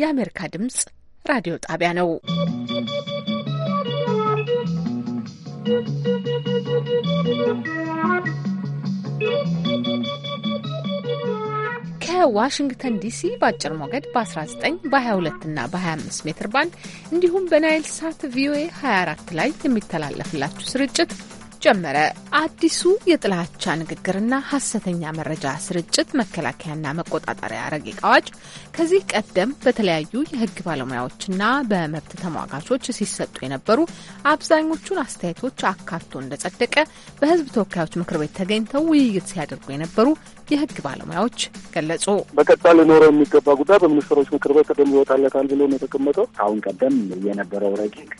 የአሜሪካ ድምጽ ራዲዮ ጣቢያ ነው። ከዋሽንግተን ዲሲ በአጭር ሞገድ በ19 በ22 እና በ25 ሜትር ባንድ እንዲሁም በናይል ሳት ቪኦኤ 24 ላይ የሚተላለፍላችሁ ስርጭት ጀመረ። አዲሱ የጥላቻ ንግግርና ሀሰተኛ መረጃ ስርጭት መከላከያና መቆጣጠሪያ ረቂቅ አዋጅ ከዚህ ቀደም በተለያዩ የህግ ባለሙያዎችና በመብት ተሟጋቾች ሲሰጡ የነበሩ አብዛኞቹን አስተያየቶች አካቶ እንደጸደቀ በህዝብ ተወካዮች ምክር ቤት ተገኝተው ውይይት ሲያደርጉ የነበሩ የህግ ባለሙያዎች ገለጹ። በቀጣ ሊኖረው የሚገባ ጉዳይ በሚኒስትሮች ምክር ቤት ቀደም ይወጣለታል ብሎ ነው የተቀመጠው። ከአሁን ቀደም የነበረው ረቂቅ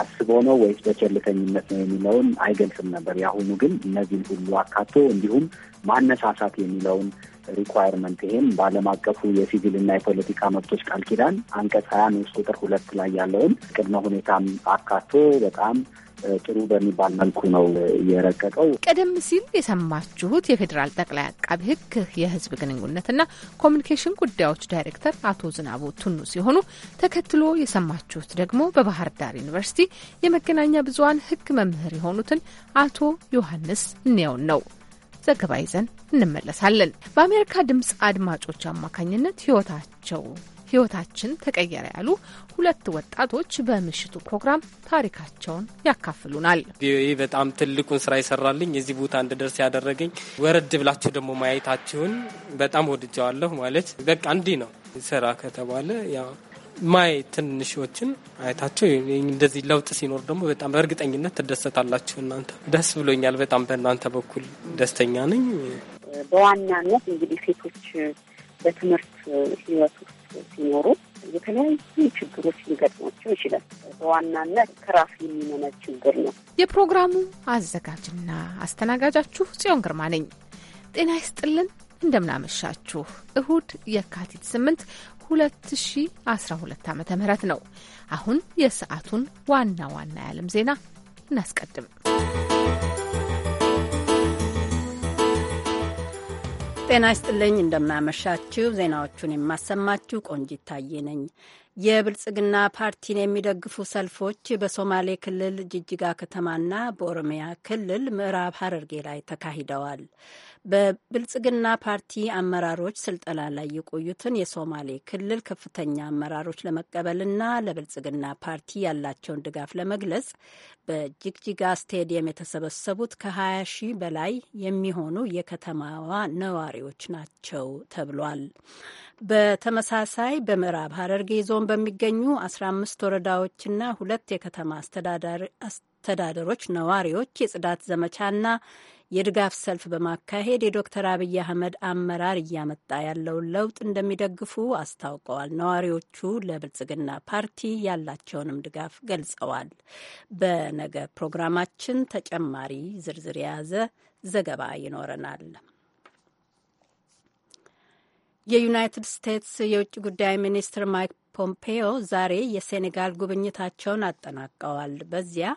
አስቦ ነው ወይስ በቸልተኝነት ነው የሚለውን አይገልጽም ነበር። የአሁኑ ግን እነዚህን ሁሉ አካቶ እንዲሁም ማነሳሳት የሚለውን ሪኳየርመንት ይሄም በዓለም አቀፉ የሲቪል እና የፖለቲካ መብቶች ቃል ኪዳን አንቀጽ ሀያ ንዑስ ቁጥር ሁለት ላይ ያለውን ቅድመ ሁኔታም አካቶ በጣም ጥሩ በሚባል መልኩ ነው የረቀቀው። ቀደም ሲል የሰማችሁት የፌዴራል ጠቅላይ አቃቢ ሕግ የህዝብ ግንኙነትና ኮሚኒኬሽን ጉዳዮች ዳይሬክተር አቶ ዝናቡ ቱኑ ሲሆኑ ተከትሎ የሰማችሁት ደግሞ በባህር ዳር ዩኒቨርሲቲ የመገናኛ ብዙሀን ሕግ መምህር የሆኑትን አቶ ዮሐንስ እንየውን ነው። ዘገባ ይዘን እንመለሳለን። በአሜሪካ ድምፅ አድማጮች አማካኝነት ህይወታቸው ህይወታችን ተቀየረ ያሉ ሁለት ወጣቶች በምሽቱ ፕሮግራም ታሪካቸውን ያካፍሉናል። ይህ በጣም ትልቁን ስራ ይሰራልኝ የዚህ ቦታ እንድደርስ ያደረገኝ ወረድ ብላችሁ ደግሞ ማየታችሁን በጣም ወድጀዋለሁ። ማለት በቃ እንዲህ ነው ስራ ከተባለ ያ ማይ ትንሾችን አይታቸው እንደዚህ ለውጥ ሲኖር ደግሞ በጣም በእርግጠኝነት ትደሰታላችሁ። እናንተ ደስ ብሎኛል። በጣም በእናንተ በኩል ደስተኛ ነኝ። በዋናነት እንግዲህ ሴቶች በትምህርት ህይወት ውስጥ ሲኖሩ የተለያዩ ችግሮች ሊገጥማቸው ይችላል። በዋናነት ከራስ የሚመነ ችግር ነው። የፕሮግራሙ አዘጋጅና አስተናጋጃችሁ ጽዮን ግርማ ነኝ። ጤና ይስጥልን። እንደምናመሻችሁ እሁድ የካቲት 8 2012 ዓ ም ነው። አሁን የሰዓቱን ዋና ዋና የዓለም ዜና እናስቀድም። ጤና ይስጥልኝ። እንደምናመሻችው ዜናዎቹን የማሰማችሁ ቆንጂት ታዬ ነኝ። የብልጽግና ፓርቲን የሚደግፉ ሰልፎች በሶማሌ ክልል ጅጅጋ ከተማና በኦሮሚያ ክልል ምዕራብ ሐረርጌ ላይ ተካሂደዋል። በብልጽግና ፓርቲ አመራሮች ስልጠና ላይ የቆዩትን የሶማሌ ክልል ከፍተኛ አመራሮች ለመቀበልና ለብልጽግና ፓርቲ ያላቸውን ድጋፍ ለመግለጽ በጅግጅጋ ስቴዲየም የተሰበሰቡት ከ20 ሺህ በላይ የሚሆኑ የከተማዋ ነዋሪዎች ናቸው ተብሏል። በተመሳሳይ በምዕራብ ሐረርጌ ዞን በሚገኙ 15 ወረዳዎችና ሁለት የከተማ አስተዳደሮች ነዋሪዎች የጽዳት ዘመቻና የድጋፍ ሰልፍ በማካሄድ የዶክተር አብይ አህመድ አመራር እያመጣ ያለውን ለውጥ እንደሚደግፉ አስታውቀዋል። ነዋሪዎቹ ለብልጽግና ፓርቲ ያላቸውንም ድጋፍ ገልጸዋል። በነገ ፕሮግራማችን ተጨማሪ ዝርዝር የያዘ ዘገባ ይኖረናል። የዩናይትድ ስቴትስ የውጭ ጉዳይ ሚኒስትር ማይክ ፖምፔዮ ዛሬ የሴኔጋል ጉብኝታቸውን አጠናቀዋል። በዚያ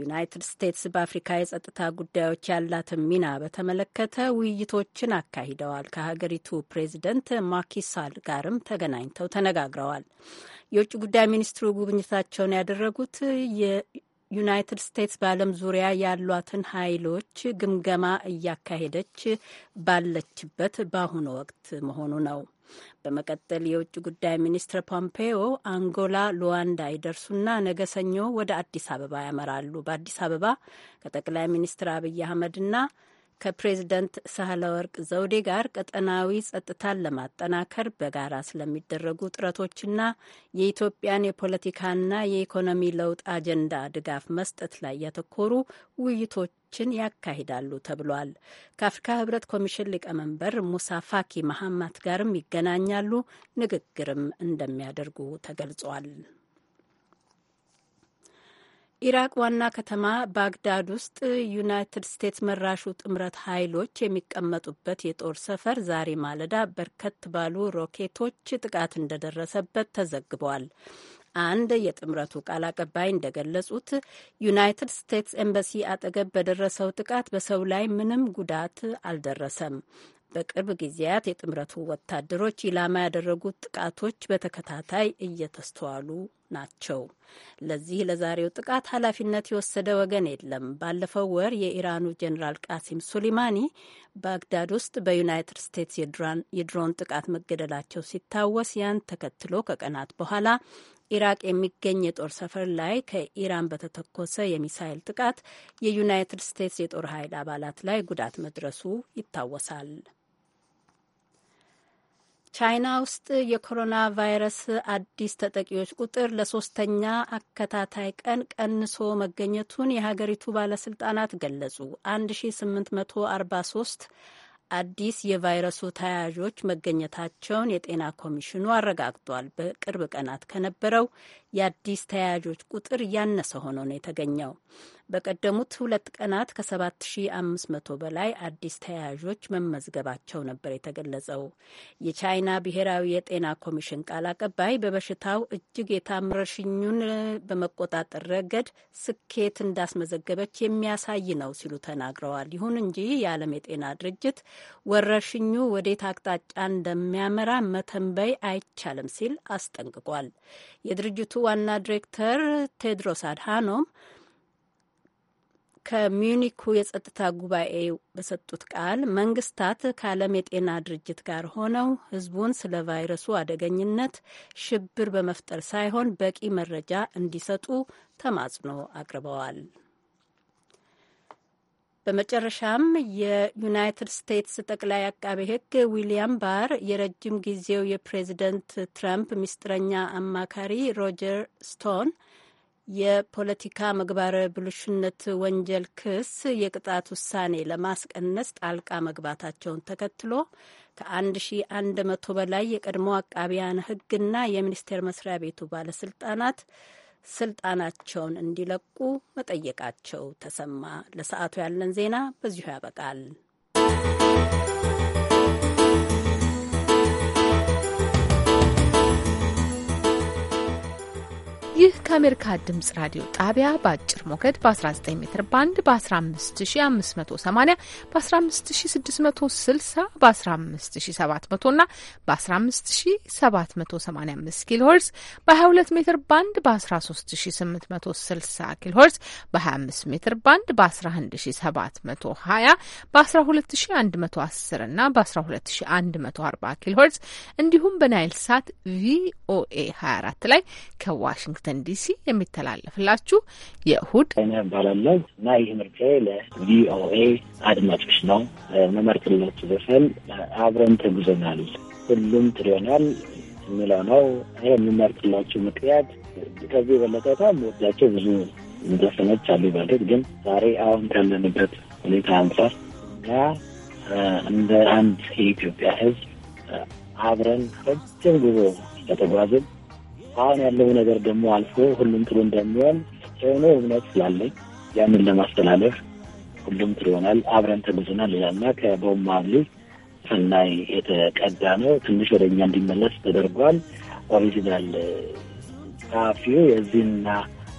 ዩናይትድ ስቴትስ በአፍሪካ የጸጥታ ጉዳዮች ያላትን ሚና በተመለከተ ውይይቶችን አካሂደዋል። ከሀገሪቱ ፕሬዚደንት ማኪሳል ጋርም ተገናኝተው ተነጋግረዋል። የውጭ ጉዳይ ሚኒስትሩ ጉብኝታቸውን ያደረጉት ዩናይትድ ስቴትስ በዓለም ዙሪያ ያሏትን ኃይሎች ግምገማ እያካሄደች ባለችበት በአሁኑ ወቅት መሆኑ ነው። በመቀጠል የውጭ ጉዳይ ሚኒስትር ፖምፔዮ አንጎላ ሉዋንዳ ይደርሱና ነገ ሰኞ ወደ አዲስ አበባ ያመራሉ። በአዲስ አበባ ከጠቅላይ ሚኒስትር አብይ አህመድና ከፕሬዝደንት ሳህለ ወርቅ ዘውዴ ጋር ቀጠናዊ ጸጥታን ለማጠናከር በጋራ ስለሚደረጉ ጥረቶችና የኢትዮጵያን የፖለቲካና የኢኮኖሚ ለውጥ አጀንዳ ድጋፍ መስጠት ላይ ያተኮሩ ውይይቶችን ያካሂዳሉ ተብሏል። ከአፍሪካ ህብረት ኮሚሽን ሊቀመንበር ሙሳ ፋኪ መሐማት ጋርም ይገናኛሉ፣ ንግግርም እንደሚያደርጉ ተገልጿል። ኢራቅ ዋና ከተማ ባግዳድ ውስጥ ዩናይትድ ስቴትስ መራሹ ጥምረት ኃይሎች የሚቀመጡበት የጦር ሰፈር ዛሬ ማለዳ በርከት ባሉ ሮኬቶች ጥቃት እንደደረሰበት ተዘግቧል። አንድ የጥምረቱ ቃል አቀባይ እንደገለጹት ዩናይትድ ስቴትስ ኤምባሲ አጠገብ በደረሰው ጥቃት በሰው ላይ ምንም ጉዳት አልደረሰም። በቅርብ ጊዜያት የጥምረቱ ወታደሮች ኢላማ ያደረጉት ጥቃቶች በተከታታይ እየተስተዋሉ ናቸው። ለዚህ ለዛሬው ጥቃት ኃላፊነት የወሰደ ወገን የለም። ባለፈው ወር የኢራኑ ጀኔራል ቃሲም ሱሊማኒ ባግዳድ ውስጥ በዩናይትድ ስቴትስ የድሮን ጥቃት መገደላቸው ሲታወስ፣ ያን ተከትሎ ከቀናት በኋላ ኢራቅ የሚገኝ የጦር ሰፈር ላይ ከኢራን በተተኮሰ የሚሳይል ጥቃት የዩናይትድ ስቴትስ የጦር ኃይል አባላት ላይ ጉዳት መድረሱ ይታወሳል። ቻይና ውስጥ የኮሮና ቫይረስ አዲስ ተጠቂዎች ቁጥር ለሶስተኛ አከታታይ ቀን ቀንሶ መገኘቱን የሀገሪቱ ባለስልጣናት ገለጹ። 1843 አዲስ የቫይረሱ ተያያዦች መገኘታቸውን የጤና ኮሚሽኑ አረጋግጧል። በቅርብ ቀናት ከነበረው የአዲስ ተያያዦች ቁጥር እያነሰ ሆኖ ነው የተገኘው። በቀደሙት ሁለት ቀናት ከ7500 በላይ አዲስ ተያያዦች መመዝገባቸው ነበር የተገለጸው። የቻይና ብሔራዊ የጤና ኮሚሽን ቃል አቀባይ በበሽታው እጅግ የታምረሽኙን በመቆጣጠር ረገድ ስኬት እንዳስመዘገበች የሚያሳይ ነው ሲሉ ተናግረዋል። ይሁን እንጂ የዓለም የጤና ድርጅት ወረርሽኙ ወዴት አቅጣጫ እንደሚያመራ መተንበይ አይቻልም ሲል አስጠንቅቋል። የድርጅቱ ዋና ዲሬክተር ቴድሮስ አድሃኖም ከሚዩኒኩ የጸጥታ ጉባኤ በሰጡት ቃል መንግስታት ከዓለም የጤና ድርጅት ጋር ሆነው ህዝቡን ስለ ቫይረሱ አደገኝነት ሽብር በመፍጠር ሳይሆን በቂ መረጃ እንዲሰጡ ተማጽኖ አቅርበዋል። በመጨረሻም የዩናይትድ ስቴትስ ጠቅላይ አቃቤ ሕግ ዊሊያም ባር የረጅም ጊዜው የፕሬዚደንት ትራምፕ ምስጢረኛ አማካሪ ሮጀር ስቶን የፖለቲካ ምግባር ብልሹነት ወንጀል ክስ የቅጣት ውሳኔ ለማስቀነስ ጣልቃ መግባታቸውን ተከትሎ ከ1100 በላይ የቀድሞ አቃቢያን ሕግና የሚኒስቴር መስሪያ ቤቱ ባለስልጣናት ስልጣናቸውን እንዲለቁ መጠየቃቸው ተሰማ። ለሰዓቱ ያለን ዜና በዚሁ ያበቃል። ይህ ከአሜሪካ ድምጽ ራዲዮ ጣቢያ በአጭር ሞገድ በ19 ሜትር ባንድ በ15580 በ15660 በ15700 እና በ15785 ኪሎ ሄርዝ በ22 ሜትር ባንድ በ13860 ኪሎ ሄርዝ በ25 ሜትር ባንድ በ11720 በ12110 እና በ12140 ኪሎ ሄርዝ እንዲሁም በናይል ሳት ቪኦኤ 24 ላይ ከዋሽንግተን ከዋሽንግተን ዲሲ የሚተላለፍላችሁ የእሁድ ነ ባላለው እና ይህ ምርጫ ለቪኦኤ አድማጮች ነው። መመርጥላችሁ ዘፈን አብረን ተጉዘናል ሁሉም ትሪዮናል የሚለው ነው። የምመርጥላችሁ ምክንያት ከዚህ የበለጠ በጣም ወዳቸው ብዙ ዘፈኖች አሉ። በእርግጥ ግን ዛሬ አሁን ካለንበት ሁኔታ አንጻር እና እንደ አንድ የኢትዮጵያ ሕዝብ አብረን ረጅም ጉዞ ለተጓዝን አሁን ያለው ነገር ደግሞ አልፎ ሁሉም ጥሩ እንደሚሆን ሆኖ እምነት ስላለኝ ያንን ለማስተላለፍ ሁሉም ጥሩ ይሆናል፣ አብረን ተጉዘናል ይላልና ከቦብ ማርሌ ሰናይ የተቀዳ ነው። ትንሽ ወደ እኛ እንዲመለስ ተደርጓል። ኦሪጂናል ጸሐፊው የዚህና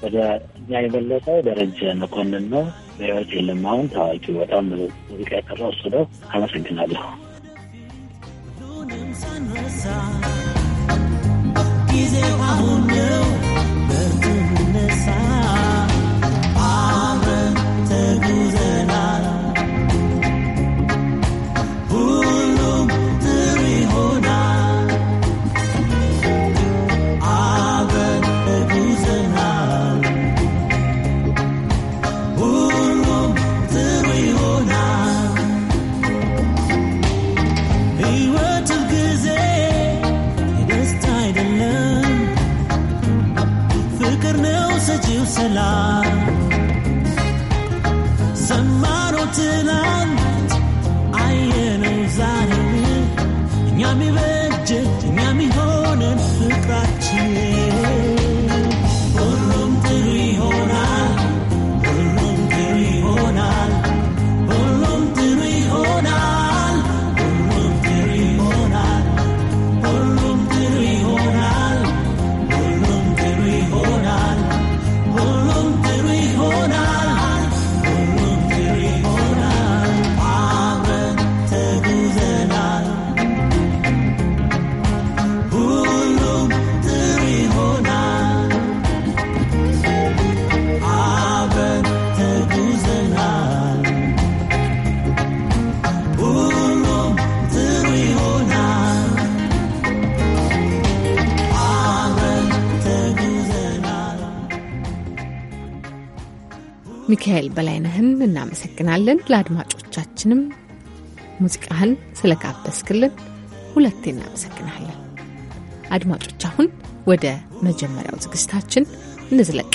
ወደ እኛ የመለሰው ደረጀ መኮንን ነው። በህይወት የለም አሁን ታዋቂ በጣም ሙዚቃ የሰራው እሱ ነው። አመሰግናለሁ። quiser, o amor não ሰላም ሰማነው ትናንት አየነው ዛሬ እኛም ሚካኤል በላይነህን እናመሰግናለን። ለአድማጮቻችንም ሙዚቃህን ስለጋበዝክልን ሁለቴ እናመሰግናለን። አድማጮች አሁን ወደ መጀመሪያው ዝግጅታችን እንዝለቅ።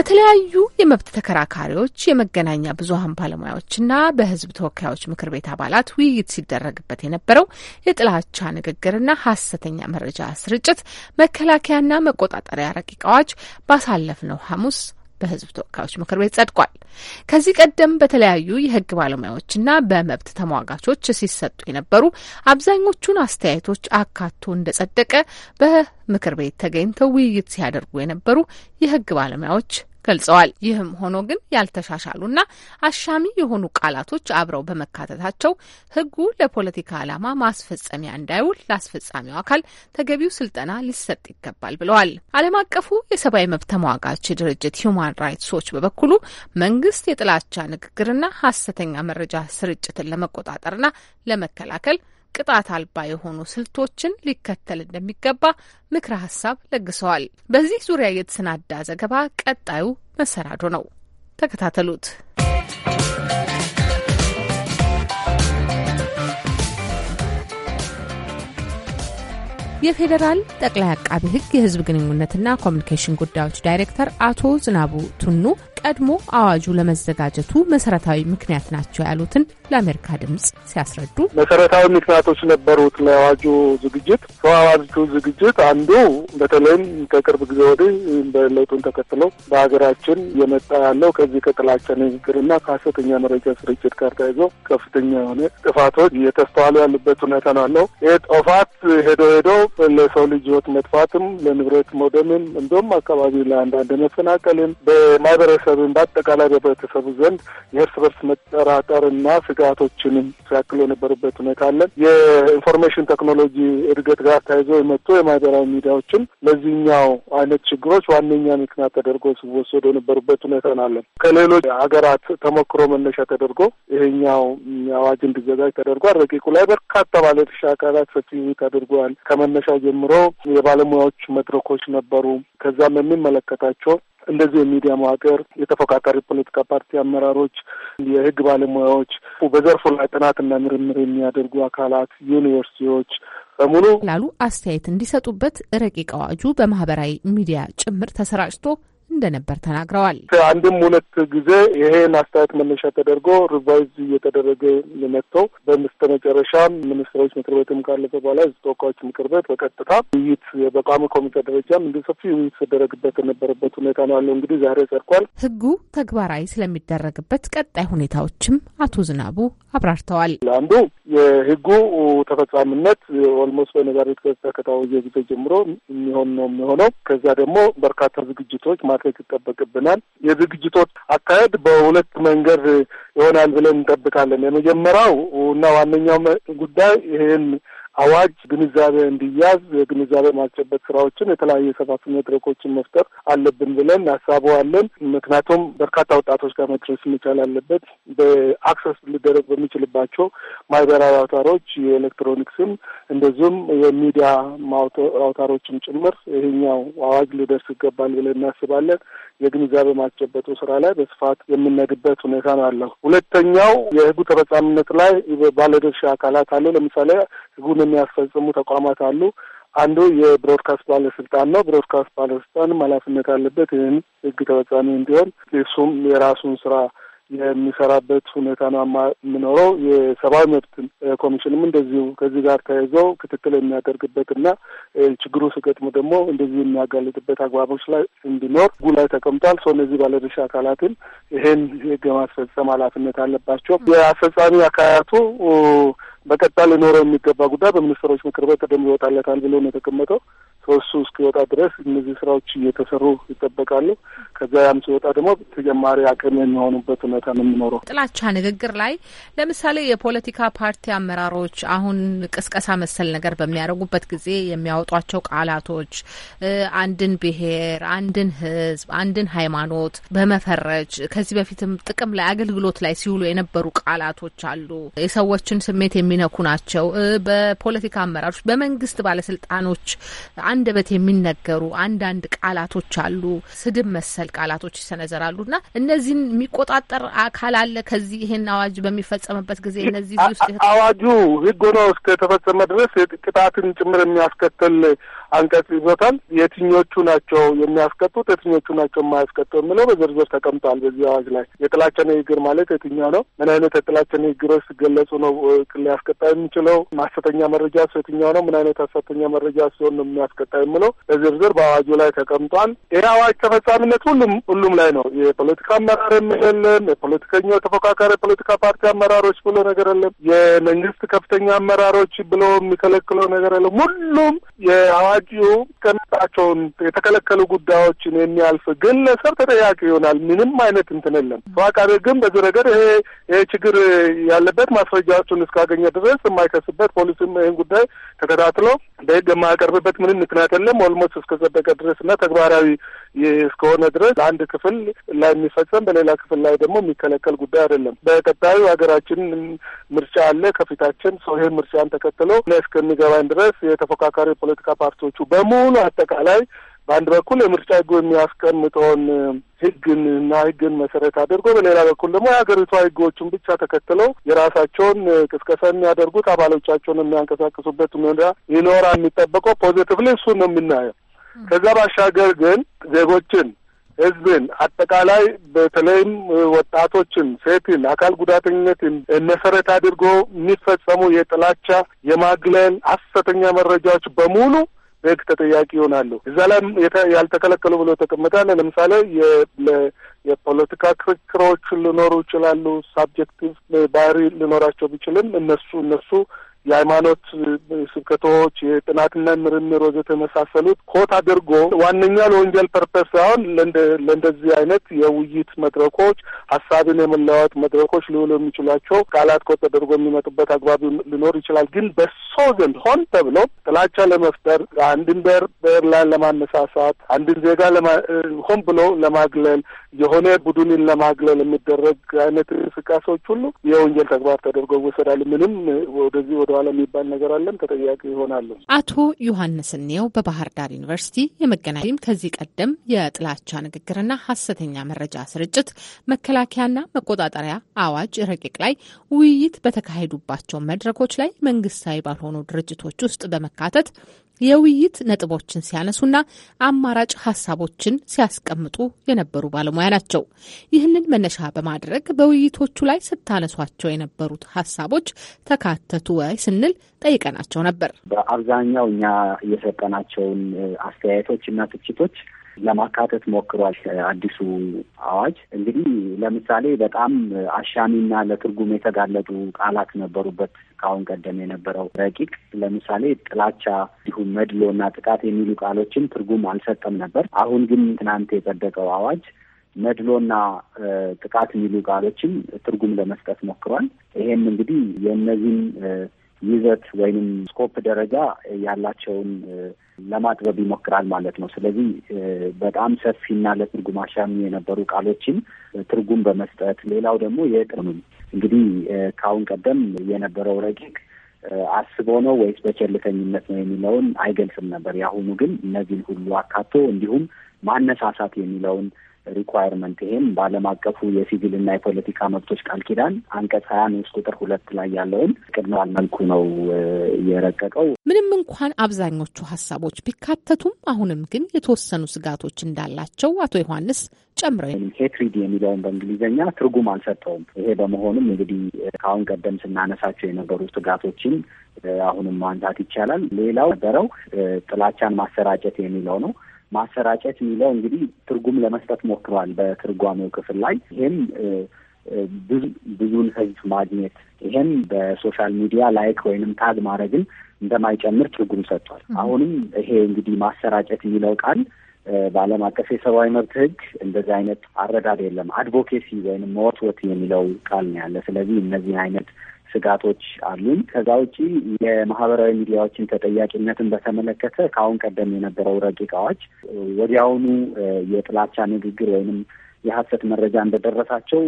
በተለያዩ የመብት ተከራካሪዎች፣ የመገናኛ ብዙኃን ባለሙያዎችና በህዝብ ተወካዮች ምክር ቤት አባላት ውይይት ሲደረግበት የነበረው የጥላቻ ንግግርና ሀሰተኛ መረጃ ስርጭት መከላከያና መቆጣጠሪያ ረቂቅ አዋጅ ባሳለፍነው ሐሙስ በህዝብ ተወካዮች ምክር ቤት ጸድቋል። ከዚህ ቀደም በተለያዩ የህግ ባለሙያዎችና በመብት ተሟጋቾች ሲሰጡ የነበሩ አብዛኞቹን አስተያየቶች አካቶ እንደጸደቀ በምክር ቤት ተገኝተው ውይይት ሲያደርጉ የነበሩ የህግ ባለሙያዎች ገልጸዋል። ይህም ሆኖ ግን ያልተሻሻሉና አሻሚ የሆኑ ቃላቶች አብረው በመካተታቸው ሕጉ ለፖለቲካ ዓላማ ማስፈጸሚያ እንዳይውል ለአስፈጻሚው አካል ተገቢው ስልጠና ሊሰጥ ይገባል ብለዋል። ዓለም አቀፉ የሰብአዊ መብት ተሟጋች ድርጅት ሂዩማን ራይትስ ዎች በበኩሉ መንግስት የጥላቻ ንግግርና ሀሰተኛ መረጃ ስርጭትን ለመቆጣጠርና ለመከላከል ቅጣት አልባ የሆኑ ስልቶችን ሊከተል እንደሚገባ ምክረ ሀሳብ ለግሰዋል። በዚህ ዙሪያ የተሰናዳ ዘገባ ቀጣዩ መሰናዶ ነው። ተከታተሉት። የፌዴራል ጠቅላይ አቃቢ ሕግ የህዝብ ግንኙነትና ኮሚኒኬሽን ጉዳዮች ዳይሬክተር አቶ ዝናቡ ቱኑ ቀድሞ አዋጁ ለመዘጋጀቱ መሰረታዊ ምክንያት ናቸው ያሉትን ለአሜሪካ ድምጽ ሲያስረዱ መሰረታዊ ምክንያቶች ነበሩት ለአዋጁ ዝግጅት። ከአዋጁ ዝግጅት አንዱ በተለይም ከቅርብ ጊዜ ወዲህ በለውጡን ተከትሎ በሀገራችን የመጣ ያለው ከዚህ ከጥላቻ ንግግርና ከሀሰተኛ መረጃ ስርጭት ጋር ተያይዞ ከፍተኛ የሆነ ጥፋቶች እየተስተዋሉ ያሉበት ሁኔታ ነው ያለው። ይህ ጥፋት ሄዶ ሄዶ ለሰው ልጅ ህይወት መጥፋትም፣ ለንብረት መውደምም እንዲሁም አካባቢ ለአንዳንድ መፈናቀልም በማህበረሰብ በቤተሰብም በአጠቃላይ በህብረተሰቡ ዘንድ የእርስ በርስ መጠራጠርና ስጋቶችንም ሲያክሎ የነበረበት ሁኔታ አለን። የኢንፎርሜሽን ቴክኖሎጂ እድገት ጋር ተያይዞ የመጡ የማህበራዊ ሚዲያዎችም ለዚህኛው አይነት ችግሮች ዋነኛ ምክንያት ተደርጎ ሲወሰዱ የነበሩበት ሁኔታ አለን። ከሌሎች ሀገራት ተሞክሮ መነሻ ተደርጎ ይሄኛው አዋጅ እንዲዘጋጅ ተደርጓል። ረቂቁ ላይ በርካታ ባለድርሻ አካላት ሰፊ ተደርጓል። ከመነሻ ጀምሮ የባለሙያዎች መድረኮች ነበሩ። ከዛም የሚመለከታቸው እንደዚህ የሚዲያ መዋቅር፣ የተፎካካሪ ፖለቲካ ፓርቲ አመራሮች፣ የህግ ባለሙያዎች፣ በዘርፉ ላይ ጥናትና ምርምር የሚያደርጉ አካላት፣ ዩኒቨርሲቲዎች በሙሉ ላሉ አስተያየት እንዲሰጡበት ረቂቅ አዋጁ በማህበራዊ ሚዲያ ጭምር ተሰራጭቶ እንደነበር ተናግረዋል። አንድም ሁለት ጊዜ ይሄን አስተያየት መነሻ ተደርጎ ሪቫይዝ እየተደረገ መጥተው በምስተ መጨረሻ ሚኒስትሮች ምክር ቤትም ካለፈ በኋላ ህዝብ ተወካዮች ምክር ቤት በቀጥታ ውይይት በቋሚ ኮሚቴ ደረጃም እንዲ ሰፊ ውይይት ሲደረግበት የነበረበት ሁኔታ ነው ያለው። እንግዲህ ዛሬ ጸድቋል። ህጉ ተግባራዊ ስለሚደረግበት ቀጣይ ሁኔታዎችም አቶ ዝናቡ አብራርተዋል። አንዱ የህጉ ተፈጻሚነት ኦልሞስት በነጋሪት ከታወጀ ጊዜ ጀምሮ የሚሆን ነው የሚሆነው። ከዛ ደግሞ በርካታ ዝግጅቶች ማድረግ ይጠበቅብናል። የዝግጅቶች አካሄድ በሁለት መንገድ ይሆናል ብለን እንጠብቃለን። የመጀመሪያው እና ዋነኛው ጉዳይ ይህን አዋጅ ግንዛቤ እንዲያዝ የግንዛቤ ማስጨበጥ ስራዎችን የተለያዩ የሰፋፊ መድረኮችን መፍጠር አለብን ብለን አሳበዋለን። ምክንያቱም በርካታ ወጣቶች ጋር መድረስ መቻል አለበት። በአክሰስ ሊደረግ በሚችልባቸው ማህበራዊ አውታሮች የኤሌክትሮኒክስም እንደዚሁም የሚዲያ አውታሮችም ጭምር ይሄኛው አዋጅ ሊደርስ ይገባል ብለን እናስባለን። የግንዛቤ ማስጨበጡ ስራ ላይ በስፋት የምነግበት ሁኔታ ነው ያለው። ሁለተኛው የህጉ ተፈጻሚነት ላይ ባለድርሻ አካላት አለ። ለምሳሌ ህጉን የሚያስፈጽሙ ተቋማት አሉ። አንዱ የብሮድካስት ባለስልጣን ነው። ብሮድካስት ባለስልጣንም ኃላፊነት አለበት ይህን ህግ ተፈጻሚ እንዲሆን እሱም የራሱን ስራ የሚሰራበት ሁኔታ ነው የምኖረው። የሰብአዊ መብት ኮሚሽንም እንደዚሁ ከዚህ ጋር ተያይዘው ክትትል ና ችግሩ ስገጥሙ ደግሞ እንደዚህ የሚያጋልጥበት አግባቦች ላይ እንዲኖር ጉ ላይ ተቀምጧል። ሰው እነዚህ ባለድርሻ አካላትን ይሄን ህግ የማስፈጸም ኃላፊነት አለባቸው። የአስፈጻሚ አካላቱ በቀጣይ ሊኖረው የሚገባ ጉዳይ በሚኒስትሮች ምክር ቤት ቅድም ይወጣለታል ብሎ ነው የተቀመጠው። በእሱ እስኪወጣ ድረስ እነዚህ ስራዎች እየተሰሩ ይጠበቃሉ። ከዚያ ያም ሲወጣ ደግሞ ተጨማሪ አቅም የሚሆኑበት ሁኔታ ነው የሚኖረው። ጥላቻ ንግግር ላይ ለምሳሌ የፖለቲካ ፓርቲ አመራሮች አሁን ቅስቀሳ መሰል ነገር በሚያደርጉበት ጊዜ የሚያወጧቸው ቃላቶች አንድን ብሔር፣ አንድን ህዝብ፣ አንድን ሃይማኖት በመፈረጅ ከዚህ በፊትም ጥቅም ላይ አገልግሎት ላይ ሲውሉ የነበሩ ቃላቶች አሉ። የሰዎችን ስሜት የሚነኩ ናቸው። በፖለቲካ አመራሮች፣ በመንግስት ባለስልጣኖች በአንደበት የሚነገሩ አንዳንድ ቃላቶች አሉ፣ ስድብ መሰል ቃላቶች ይሰነዘራሉ እና እነዚህን የሚቆጣጠር አካል አለ። ከዚህ ይህን አዋጅ በሚፈጸምበት ጊዜ እነዚህ ውስጥ አዋጁ ህግ ሆኖ እስከተፈጸመ ድረስ ቅጣትን ጭምር የሚያስከትል አንቀጽ ይዞታል። የትኞቹ ናቸው የሚያስቀጡት፣ የትኞቹ ናቸው የማያስቀጡ የሚለው በዝርዝር ተቀምጧል በዚህ አዋጅ ላይ። የጥላቻ ንግግር ማለት የትኛው ነው? ምን አይነት የጥላቻ ንግግሮች ሲገለጹ ነው ሊያስቀጣ የሚችለው? ማሰተኛ መረጃ የትኛው ነው? ምን አይነት አሰተኛ መረጃ ሲሆን ነው የሚያስቀጣ የሚለው በዝርዝር በአዋጁ ላይ ተቀምጧል። ይህ አዋጅ ተፈጻሚነት ሁሉም ሁሉም ላይ ነው። የፖለቲካ አመራር የለም። የፖለቲከኛው ተፎካካሪ የፖለቲካ ፓርቲ አመራሮች ብሎ ነገር የለም። የመንግስት ከፍተኛ አመራሮች ብሎ የሚከለክለው ነገር የለም። ሁሉም የአዋ አዋቂው ቀመጣቸውን የተከለከሉ ጉዳዮችን የሚያልፍ ግለሰብ ተጠያቂ ይሆናል። ምንም አይነት እንትን የለም። አቃቤ ግን በዚህ ረገድ ይሄ ይሄ ችግር ያለበት ማስረጃዎቹን እስካገኘ ድረስ የማይከስበት ፖሊስም ይህን ጉዳይ ተከታትሎ በህግ የማያቀርብበት ምንም ምክንያት የለም። ኦልሞስት እስከጸደቀ ድረስ እና ተግባራዊ እስከሆነ ድረስ አንድ ክፍል ላይ የሚፈጸም በሌላ ክፍል ላይ ደግሞ የሚከለከል ጉዳይ አይደለም። በቀጣዩ ሀገራችን ምርጫ አለ ከፊታችን። ሰው ይህን ምርጫን ተከትሎ እስከሚገባኝ ድረስ የተፎካካሪ ፖለቲካ ፓርቲዎች ነገሮቹ በሙሉ አጠቃላይ በአንድ በኩል የምርጫ ሕጉ የሚያስቀምጠውን ህግን እና ህግን መሰረት አድርጎ በሌላ በኩል ደግሞ የሀገሪቷ ሕጎቹን ብቻ ተከትለው የራሳቸውን ቅስቀሳ የሚያደርጉት አባሎቻቸውን የሚያንቀሳቅሱበት ሁኔታ ይኖራ የሚጠበቀው ፖዚቲቭሊ እሱን ነው የምናየው። ከዛ ባሻገር ግን ዜጎችን፣ ህዝብን አጠቃላይ በተለይም ወጣቶችን፣ ሴትን፣ አካል ጉዳተኝነትን መሰረት አድርጎ የሚፈጸሙ የጥላቻ የማግለል አሰተኛ መረጃዎች በሙሉ በህግ ተጠያቂ ይሆናሉ። እዛ ላይ ያልተከለከሉ ብሎ ተቀምጣለ። ለምሳሌ የፖለቲካ ክርክሮች ሊኖሩ ይችላሉ። ሳብጀክቲቭ ባህሪ ሊኖራቸው ቢችልም እነሱ እነሱ የሃይማኖት ስብከቶች፣ የጥናትና ምርምር ወዘተ የመሳሰሉት ኮት አድርጎ ዋነኛ ለወንጀል ፐርፐስ ሳይሆን ለእንደዚህ አይነት የውይይት መድረኮች፣ ሀሳብን የመለዋወጥ መድረኮች ሊውሉ የሚችሏቸው ቃላት ኮት ተደርጎ የሚመጡበት አግባብ ሊኖር ይችላል። ግን በሶ ዘንድ ሆን ተብሎ ጥላቻ ለመፍጠር አንድን በር በር ላይ ለማነሳሳት አንድን ዜጋ ሆን ብሎ ለማግለል የሆነ ቡድንን ለማግለል የሚደረግ አይነት እንቅስቃሴዎች ሁሉ የወንጀል ተግባር ተደርጎ ይወሰዳል። ምንም ወደዚህ ወደኋላ የሚባል ነገር አለም ተጠያቂ ይሆናሉ። አቶ ዮሐንስ እኔው በባህር ዳር ዩኒቨርሲቲ የመገናኝም ከዚህ ቀደም የጥላቻ ንግግርና ሀሰተኛ መረጃ ስርጭት መከላከያና መቆጣጠሪያ አዋጅ ረቂቅ ላይ ውይይት በተካሄዱባቸው መድረኮች ላይ መንግስታዊ ባልሆኑ ድርጅቶች ውስጥ በመካተት የውይይት ነጥቦችን ሲያነሱና አማራጭ ሀሳቦችን ሲያስቀምጡ የነበሩ ባለሙያ ናቸው። ይህንን መነሻ በማድረግ በውይይቶቹ ላይ ስታነሷቸው የነበሩት ሀሳቦች ተካተቱ ወይ ስንል ጠይቀናቸው ነበር። በአብዛኛው እኛ የሰጠናቸውን አስተያየቶች እና ትችቶች ለማካተት ሞክሯል። አዲሱ አዋጅ እንግዲህ ለምሳሌ በጣም አሻሚና ለትርጉም የተጋለጡ ቃላት ነበሩበት ከአሁን ቀደም የነበረው ረቂቅ። ለምሳሌ ጥላቻ፣ እንዲሁም መድሎና ጥቃት የሚሉ ቃሎችን ትርጉም አልሰጠም ነበር። አሁን ግን ትናንት የጸደቀው አዋጅ መድሎና ጥቃት የሚሉ ቃሎችን ትርጉም ለመስጠት ሞክሯል። ይሄም እንግዲህ የእነዚህም ይዘት ወይንም ስኮፕ ደረጃ ያላቸውን ለማጥበብ ይሞክራል ማለት ነው። ስለዚህ በጣም ሰፊና ለትርጉም አሻሚ የነበሩ ቃሎችን ትርጉም በመስጠት ሌላው ደግሞ የጥምም እንግዲህ ከአሁን ቀደም የነበረው ረቂቅ አስቦ ነው ወይስ በቸልተኝነት ነው የሚለውን አይገልጽም ነበር። የአሁኑ ግን እነዚህን ሁሉ አካቶ እንዲሁም ማነሳሳት የሚለውን ሪኳየርመንት ይሄም በዓለም አቀፉ የሲቪልና የፖለቲካ መብቶች ቃል ኪዳን አንቀጽ ሀያ ንዑስ ቁጥር ሁለት ላይ ያለውን ቅድመ መልኩ ነው የረቀቀው። ምንም እንኳን አብዛኞቹ ሀሳቦች ቢካተቱም አሁንም ግን የተወሰኑ ስጋቶች እንዳላቸው አቶ ዮሐንስ ጨምረው ሄትሪድ የሚለውን በእንግሊዝኛ ትርጉም አልሰጠውም። ይሄ በመሆኑም እንግዲህ ከአሁን ቀደም ስናነሳቸው የነበሩ ስጋቶችን አሁንም ማንሳት ይቻላል። ሌላው ነበረው ጥላቻን ማሰራጨት የሚለው ነው። ማሰራጨት የሚለው እንግዲህ ትርጉም ለመስጠት ሞክሯል በትርጓሜው ክፍል ላይ ይህም ብዙን ህዝብ ማግኘት ይህም በሶሻል ሚዲያ ላይክ ወይንም ታግ ማድረግን እንደማይጨምር ትርጉም ሰጥቷል። አሁንም ይሄ እንግዲህ ማሰራጨት የሚለው ቃል በዓለም አቀፍ የሰብአዊ መብት ህግ እንደዚህ አይነት አረዳድ የለም። አድቮኬሲ ወይንም መወትወት የሚለው ቃል ነው ያለ። ስለዚህ እነዚህ አይነት ስጋቶች አሉን። ከዛ ውጪ የማህበራዊ ሚዲያዎችን ተጠያቂነትን በተመለከተ ከአሁን ቀደም የነበረው ረቂቅ አዋጅ ወዲያውኑ የጥላቻ ንግግር ወይንም የሀሰት መረጃ እንደደረሳቸው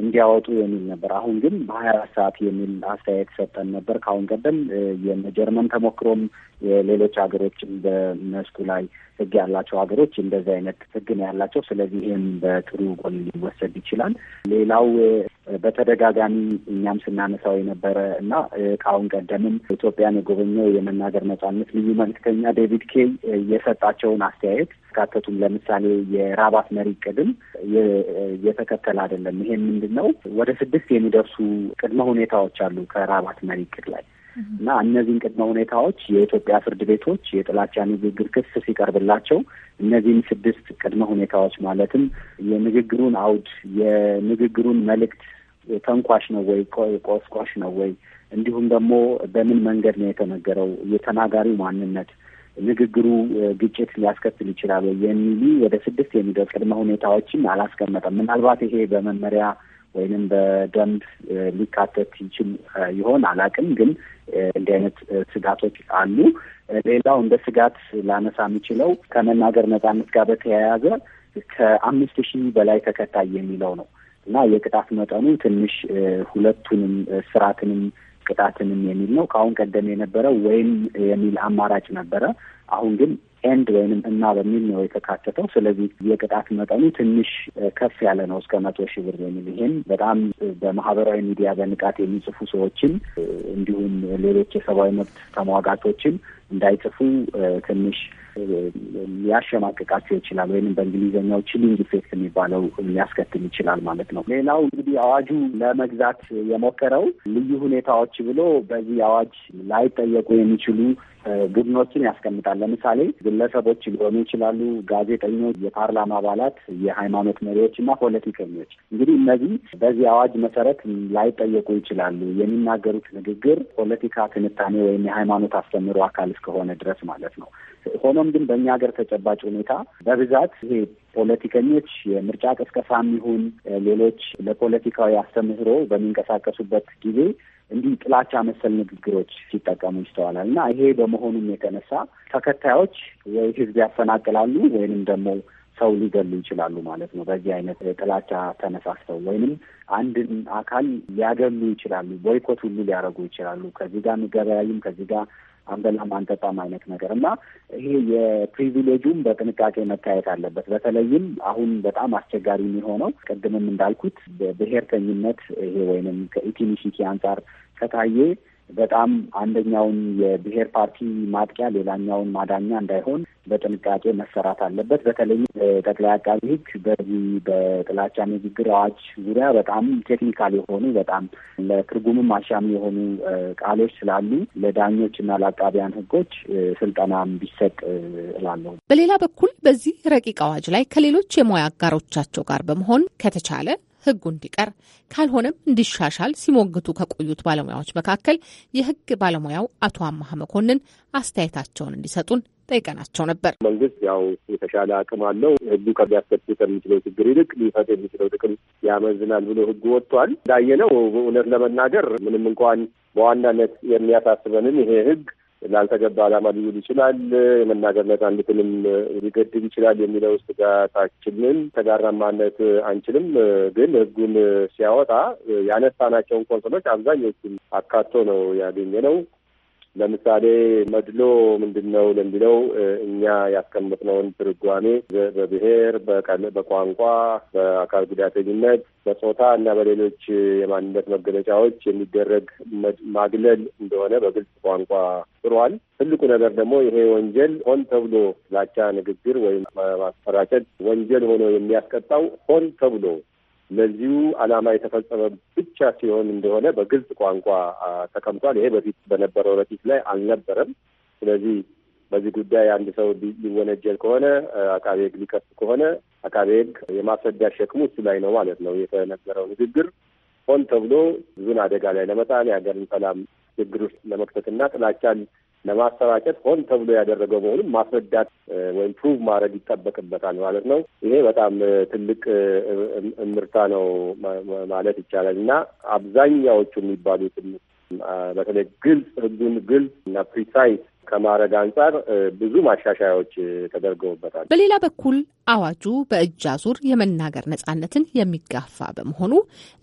እንዲያወጡ የሚል ነበር። አሁን ግን በሀያ አራት ሰዓት የሚል አስተያየት ሰጠን ነበር። ከአሁን ቀደም የጀርመን ተሞክሮም የሌሎች ሀገሮችም በመስኩ ላይ ህግ ያላቸው ሀገሮች እንደዚህ አይነት ህግ ነው ያላቸው። ስለዚህ ይህም በጥሩ ጎን ሊወሰድ ይችላል። ሌላው በተደጋጋሚ እኛም ስናነሳው የነበረ እና ከአሁን ቀደምም ኢትዮጵያን የጎበኘው የመናገር ነጻነት ልዩ መልክተኛ ዴቪድ ኬይ የሰጣቸውን አስተያየት አልተካተቱም። ለምሳሌ የራባት መሪ ቅድም የተከተለ አይደለም። ይሄ ምንድን ነው? ወደ ስድስት የሚደርሱ ቅድመ ሁኔታዎች አሉ ከራባት መሪ ቅድ ላይ እና እነዚህን ቅድመ ሁኔታዎች የኢትዮጵያ ፍርድ ቤቶች የጥላቻ ንግግር ክስ ሲቀርብላቸው እነዚህን ስድስት ቅድመ ሁኔታዎች ማለትም የንግግሩን አውድ፣ የንግግሩን መልእክት ተንኳሽ ነው ወይ ቆስቋሽ ነው ወይ፣ እንዲሁም ደግሞ በምን መንገድ ነው የተነገረው፣ የተናጋሪው ማንነት ንግግሩ ግጭት ሊያስከትል ይችላል የሚሉ ወደ ስድስት የሚደርስ ቅድመ ሁኔታዎችን አላስቀመጠም። ምናልባት ይሄ በመመሪያ ወይንም በደንብ ሊካተት ይችል ይሆን አላውቅም። ግን እንዲህ አይነት ስጋቶች አሉ። ሌላው እንደ ስጋት ላነሳ የምችለው ከመናገር ነጻነት ጋር በተያያዘ ከአምስት ሺህ በላይ ተከታይ የሚለው ነው እና የቅጣት መጠኑ ትንሽ ሁለቱንም ስርዓትንም ቅጣትንም የሚል ነው። ከአሁን ቀደም የነበረ ወይም የሚል አማራጭ ነበረ። አሁን ግን ኤንድ ወይንም እና በሚል ነው የተካተተው። ስለዚህ የቅጣት መጠኑ ትንሽ ከፍ ያለ ነው እስከ መቶ ሺህ ብር የሚል ይህም በጣም በማህበራዊ ሚዲያ በንቃት የሚጽፉ ሰዎችን እንዲሁም ሌሎች የሰብአዊ መብት ተሟጋቾችን እንዳይጽፉ ትንሽ ሊያሸማቅቃቸው ይችላል ወይም በእንግሊዝኛው ቺሊንግ ኢፌክት የሚባለው ሊያስከትል ይችላል ማለት ነው። ሌላው እንግዲህ አዋጁ ለመግዛት የሞከረው ልዩ ሁኔታዎች ብሎ በዚህ አዋጅ ላይጠየቁ የሚችሉ ቡድኖችን ያስቀምጣል። ለምሳሌ ግለሰቦች ሊሆኑ ይችላሉ፣ ጋዜጠኞች፣ የፓርላማ አባላት፣ የሃይማኖት መሪዎች እና ፖለቲከኞች። እንግዲህ እነዚህ በዚህ አዋጅ መሰረት ላይጠየቁ ይችላሉ የሚናገሩት ንግግር ፖለቲካ ትንታኔ ወይም የሃይማኖት አስተምህሮ አካል እስከሆነ ድረስ ማለት ነው ሆኖ ሆኖም ግን በእኛ ሀገር ተጨባጭ ሁኔታ በብዛት ይሄ ፖለቲከኞች የምርጫ ቅስቀሳም ይሁን ሌሎች ለፖለቲካዊ አስተምህሮ በሚንቀሳቀሱበት ጊዜ እንዲህ ጥላቻ መሰል ንግግሮች ሲጠቀሙ ይስተዋላል እና ይሄ በመሆኑም የተነሳ ተከታዮች ወይ ህዝብ ያፈናቅላሉ ወይንም ደግሞ ሰው ሊገሉ ይችላሉ ማለት ነው። በዚህ አይነት ጥላቻ ተነሳስተው ወይንም አንድን አካል ሊያገሉ ይችላሉ። ቦይኮት ሁሉ ሊያደርጉ ይችላሉ። ከዚህ ጋር እንገበያይም ከዚህ ጋር አንበላም አንጠጣም አይነት ነገር እና ይሄ የፕሪቪሌጁም በጥንቃቄ መታየት አለበት። በተለይም አሁን በጣም አስቸጋሪ የሚሆነው ቅድምም እንዳልኩት በብሔርተኝነት ይሄ ወይንም ከኢትኒሲቲ አንጻር ከታየ በጣም አንደኛውን የብሔር ፓርቲ ማጥቂያ ሌላኛውን ማዳኛ እንዳይሆን በጥንቃቄ መሰራት አለበት። በተለይ ጠቅላይ አቃቢ ሕግ በዚህ በጥላቻ ንግግር አዋጅ ዙሪያ በጣም ቴክኒካል የሆኑ በጣም ለትርጉምም አሻሚ የሆኑ ቃሎች ስላሉ ለዳኞች እና ለአቃቢያን ሕጎች ስልጠናም ቢሰጥ እላለሁ። በሌላ በኩል በዚህ ረቂቅ አዋጅ ላይ ከሌሎች የሙያ አጋሮቻቸው ጋር በመሆን ከተቻለ ህጉ እንዲቀር ካልሆነም እንዲሻሻል ሲሞግቱ ከቆዩት ባለሙያዎች መካከል የህግ ባለሙያው አቶ አማሀ መኮንን አስተያየታቸውን እንዲሰጡን ጠይቀናቸው ነበር። መንግስት ያው የተሻለ አቅም አለው። ህጉ ከሚያስከትል ከሚችለው ችግር ይልቅ ሊፈት የሚችለው ጥቅም ያመዝናል ብሎ ህጉ ወጥቷል። እንዳየነው እውነት ለመናገር ምንም እንኳን በዋናነት የሚያሳስበንን ይሄ ህግ ላልተገባ ዓላማ ሊውል ይችላል፣ የመናገር ነጻነትንም ሊገድብ ይችላል የሚለው ስጋታችንን ተጋራን አንችልም። ግን ህጉን ሲያወጣ ያነሳናቸውን ኮንሰሎች አብዛኞቹን አካቶ ነው ያገኘ ነው። ለምሳሌ መድሎ ምንድን ነው ለሚለው እኛ ያስቀመጥነውን ትርጓሜ በብሔር፣ በቋንቋ፣ በአካል ጉዳተኝነት፣ በጾታ እና በሌሎች የማንነት መገለጫዎች የሚደረግ ማግለል እንደሆነ በግልጽ ቋንቋ ጥሯል። ትልቁ ነገር ደግሞ ይሄ ወንጀል ሆን ተብሎ ላቻ ንግግር ወይም ማስፈራጨት ወንጀል ሆኖ የሚያስቀጣው ሆን ተብሎ ለዚሁ ዓላማ የተፈጸመ ብቻ ሲሆን እንደሆነ በግልጽ ቋንቋ ተቀምጧል። ይሄ በፊት በነበረው ረቂት ላይ አልነበረም። ስለዚህ በዚህ ጉዳይ አንድ ሰው ሊወነጀል ከሆነ አቃቤ ሕግ ሊከስ ከሆነ አቃቤ ሕግ የማስረዳ ሸክሙ እሱ ላይ ነው ማለት ነው። የተነገረው ንግግር ሆን ተብሎ ብዙን አደጋ ላይ ለመጣል የሀገርን ሰላም ችግር ውስጥ ለመክተትና ጥላቻን ለማሰራጨት ሆን ተብሎ ያደረገው መሆኑን ማስረዳት ወይም ፕሩቭ ማድረግ ይጠበቅበታል ማለት ነው። ይሄ በጣም ትልቅ እምርታ ነው ማለት ይቻላል እና አብዛኛዎቹ የሚባሉትን በተለይ ግልጽ ህጉን ግልጽ እና ፕሪሳይስ ከማድረግ አንጻር ብዙ ማሻሻያዎች ተደርገውበታል። በሌላ በኩል አዋጁ በእጅ አዙር የመናገር ነጻነትን የሚጋፋ በመሆኑ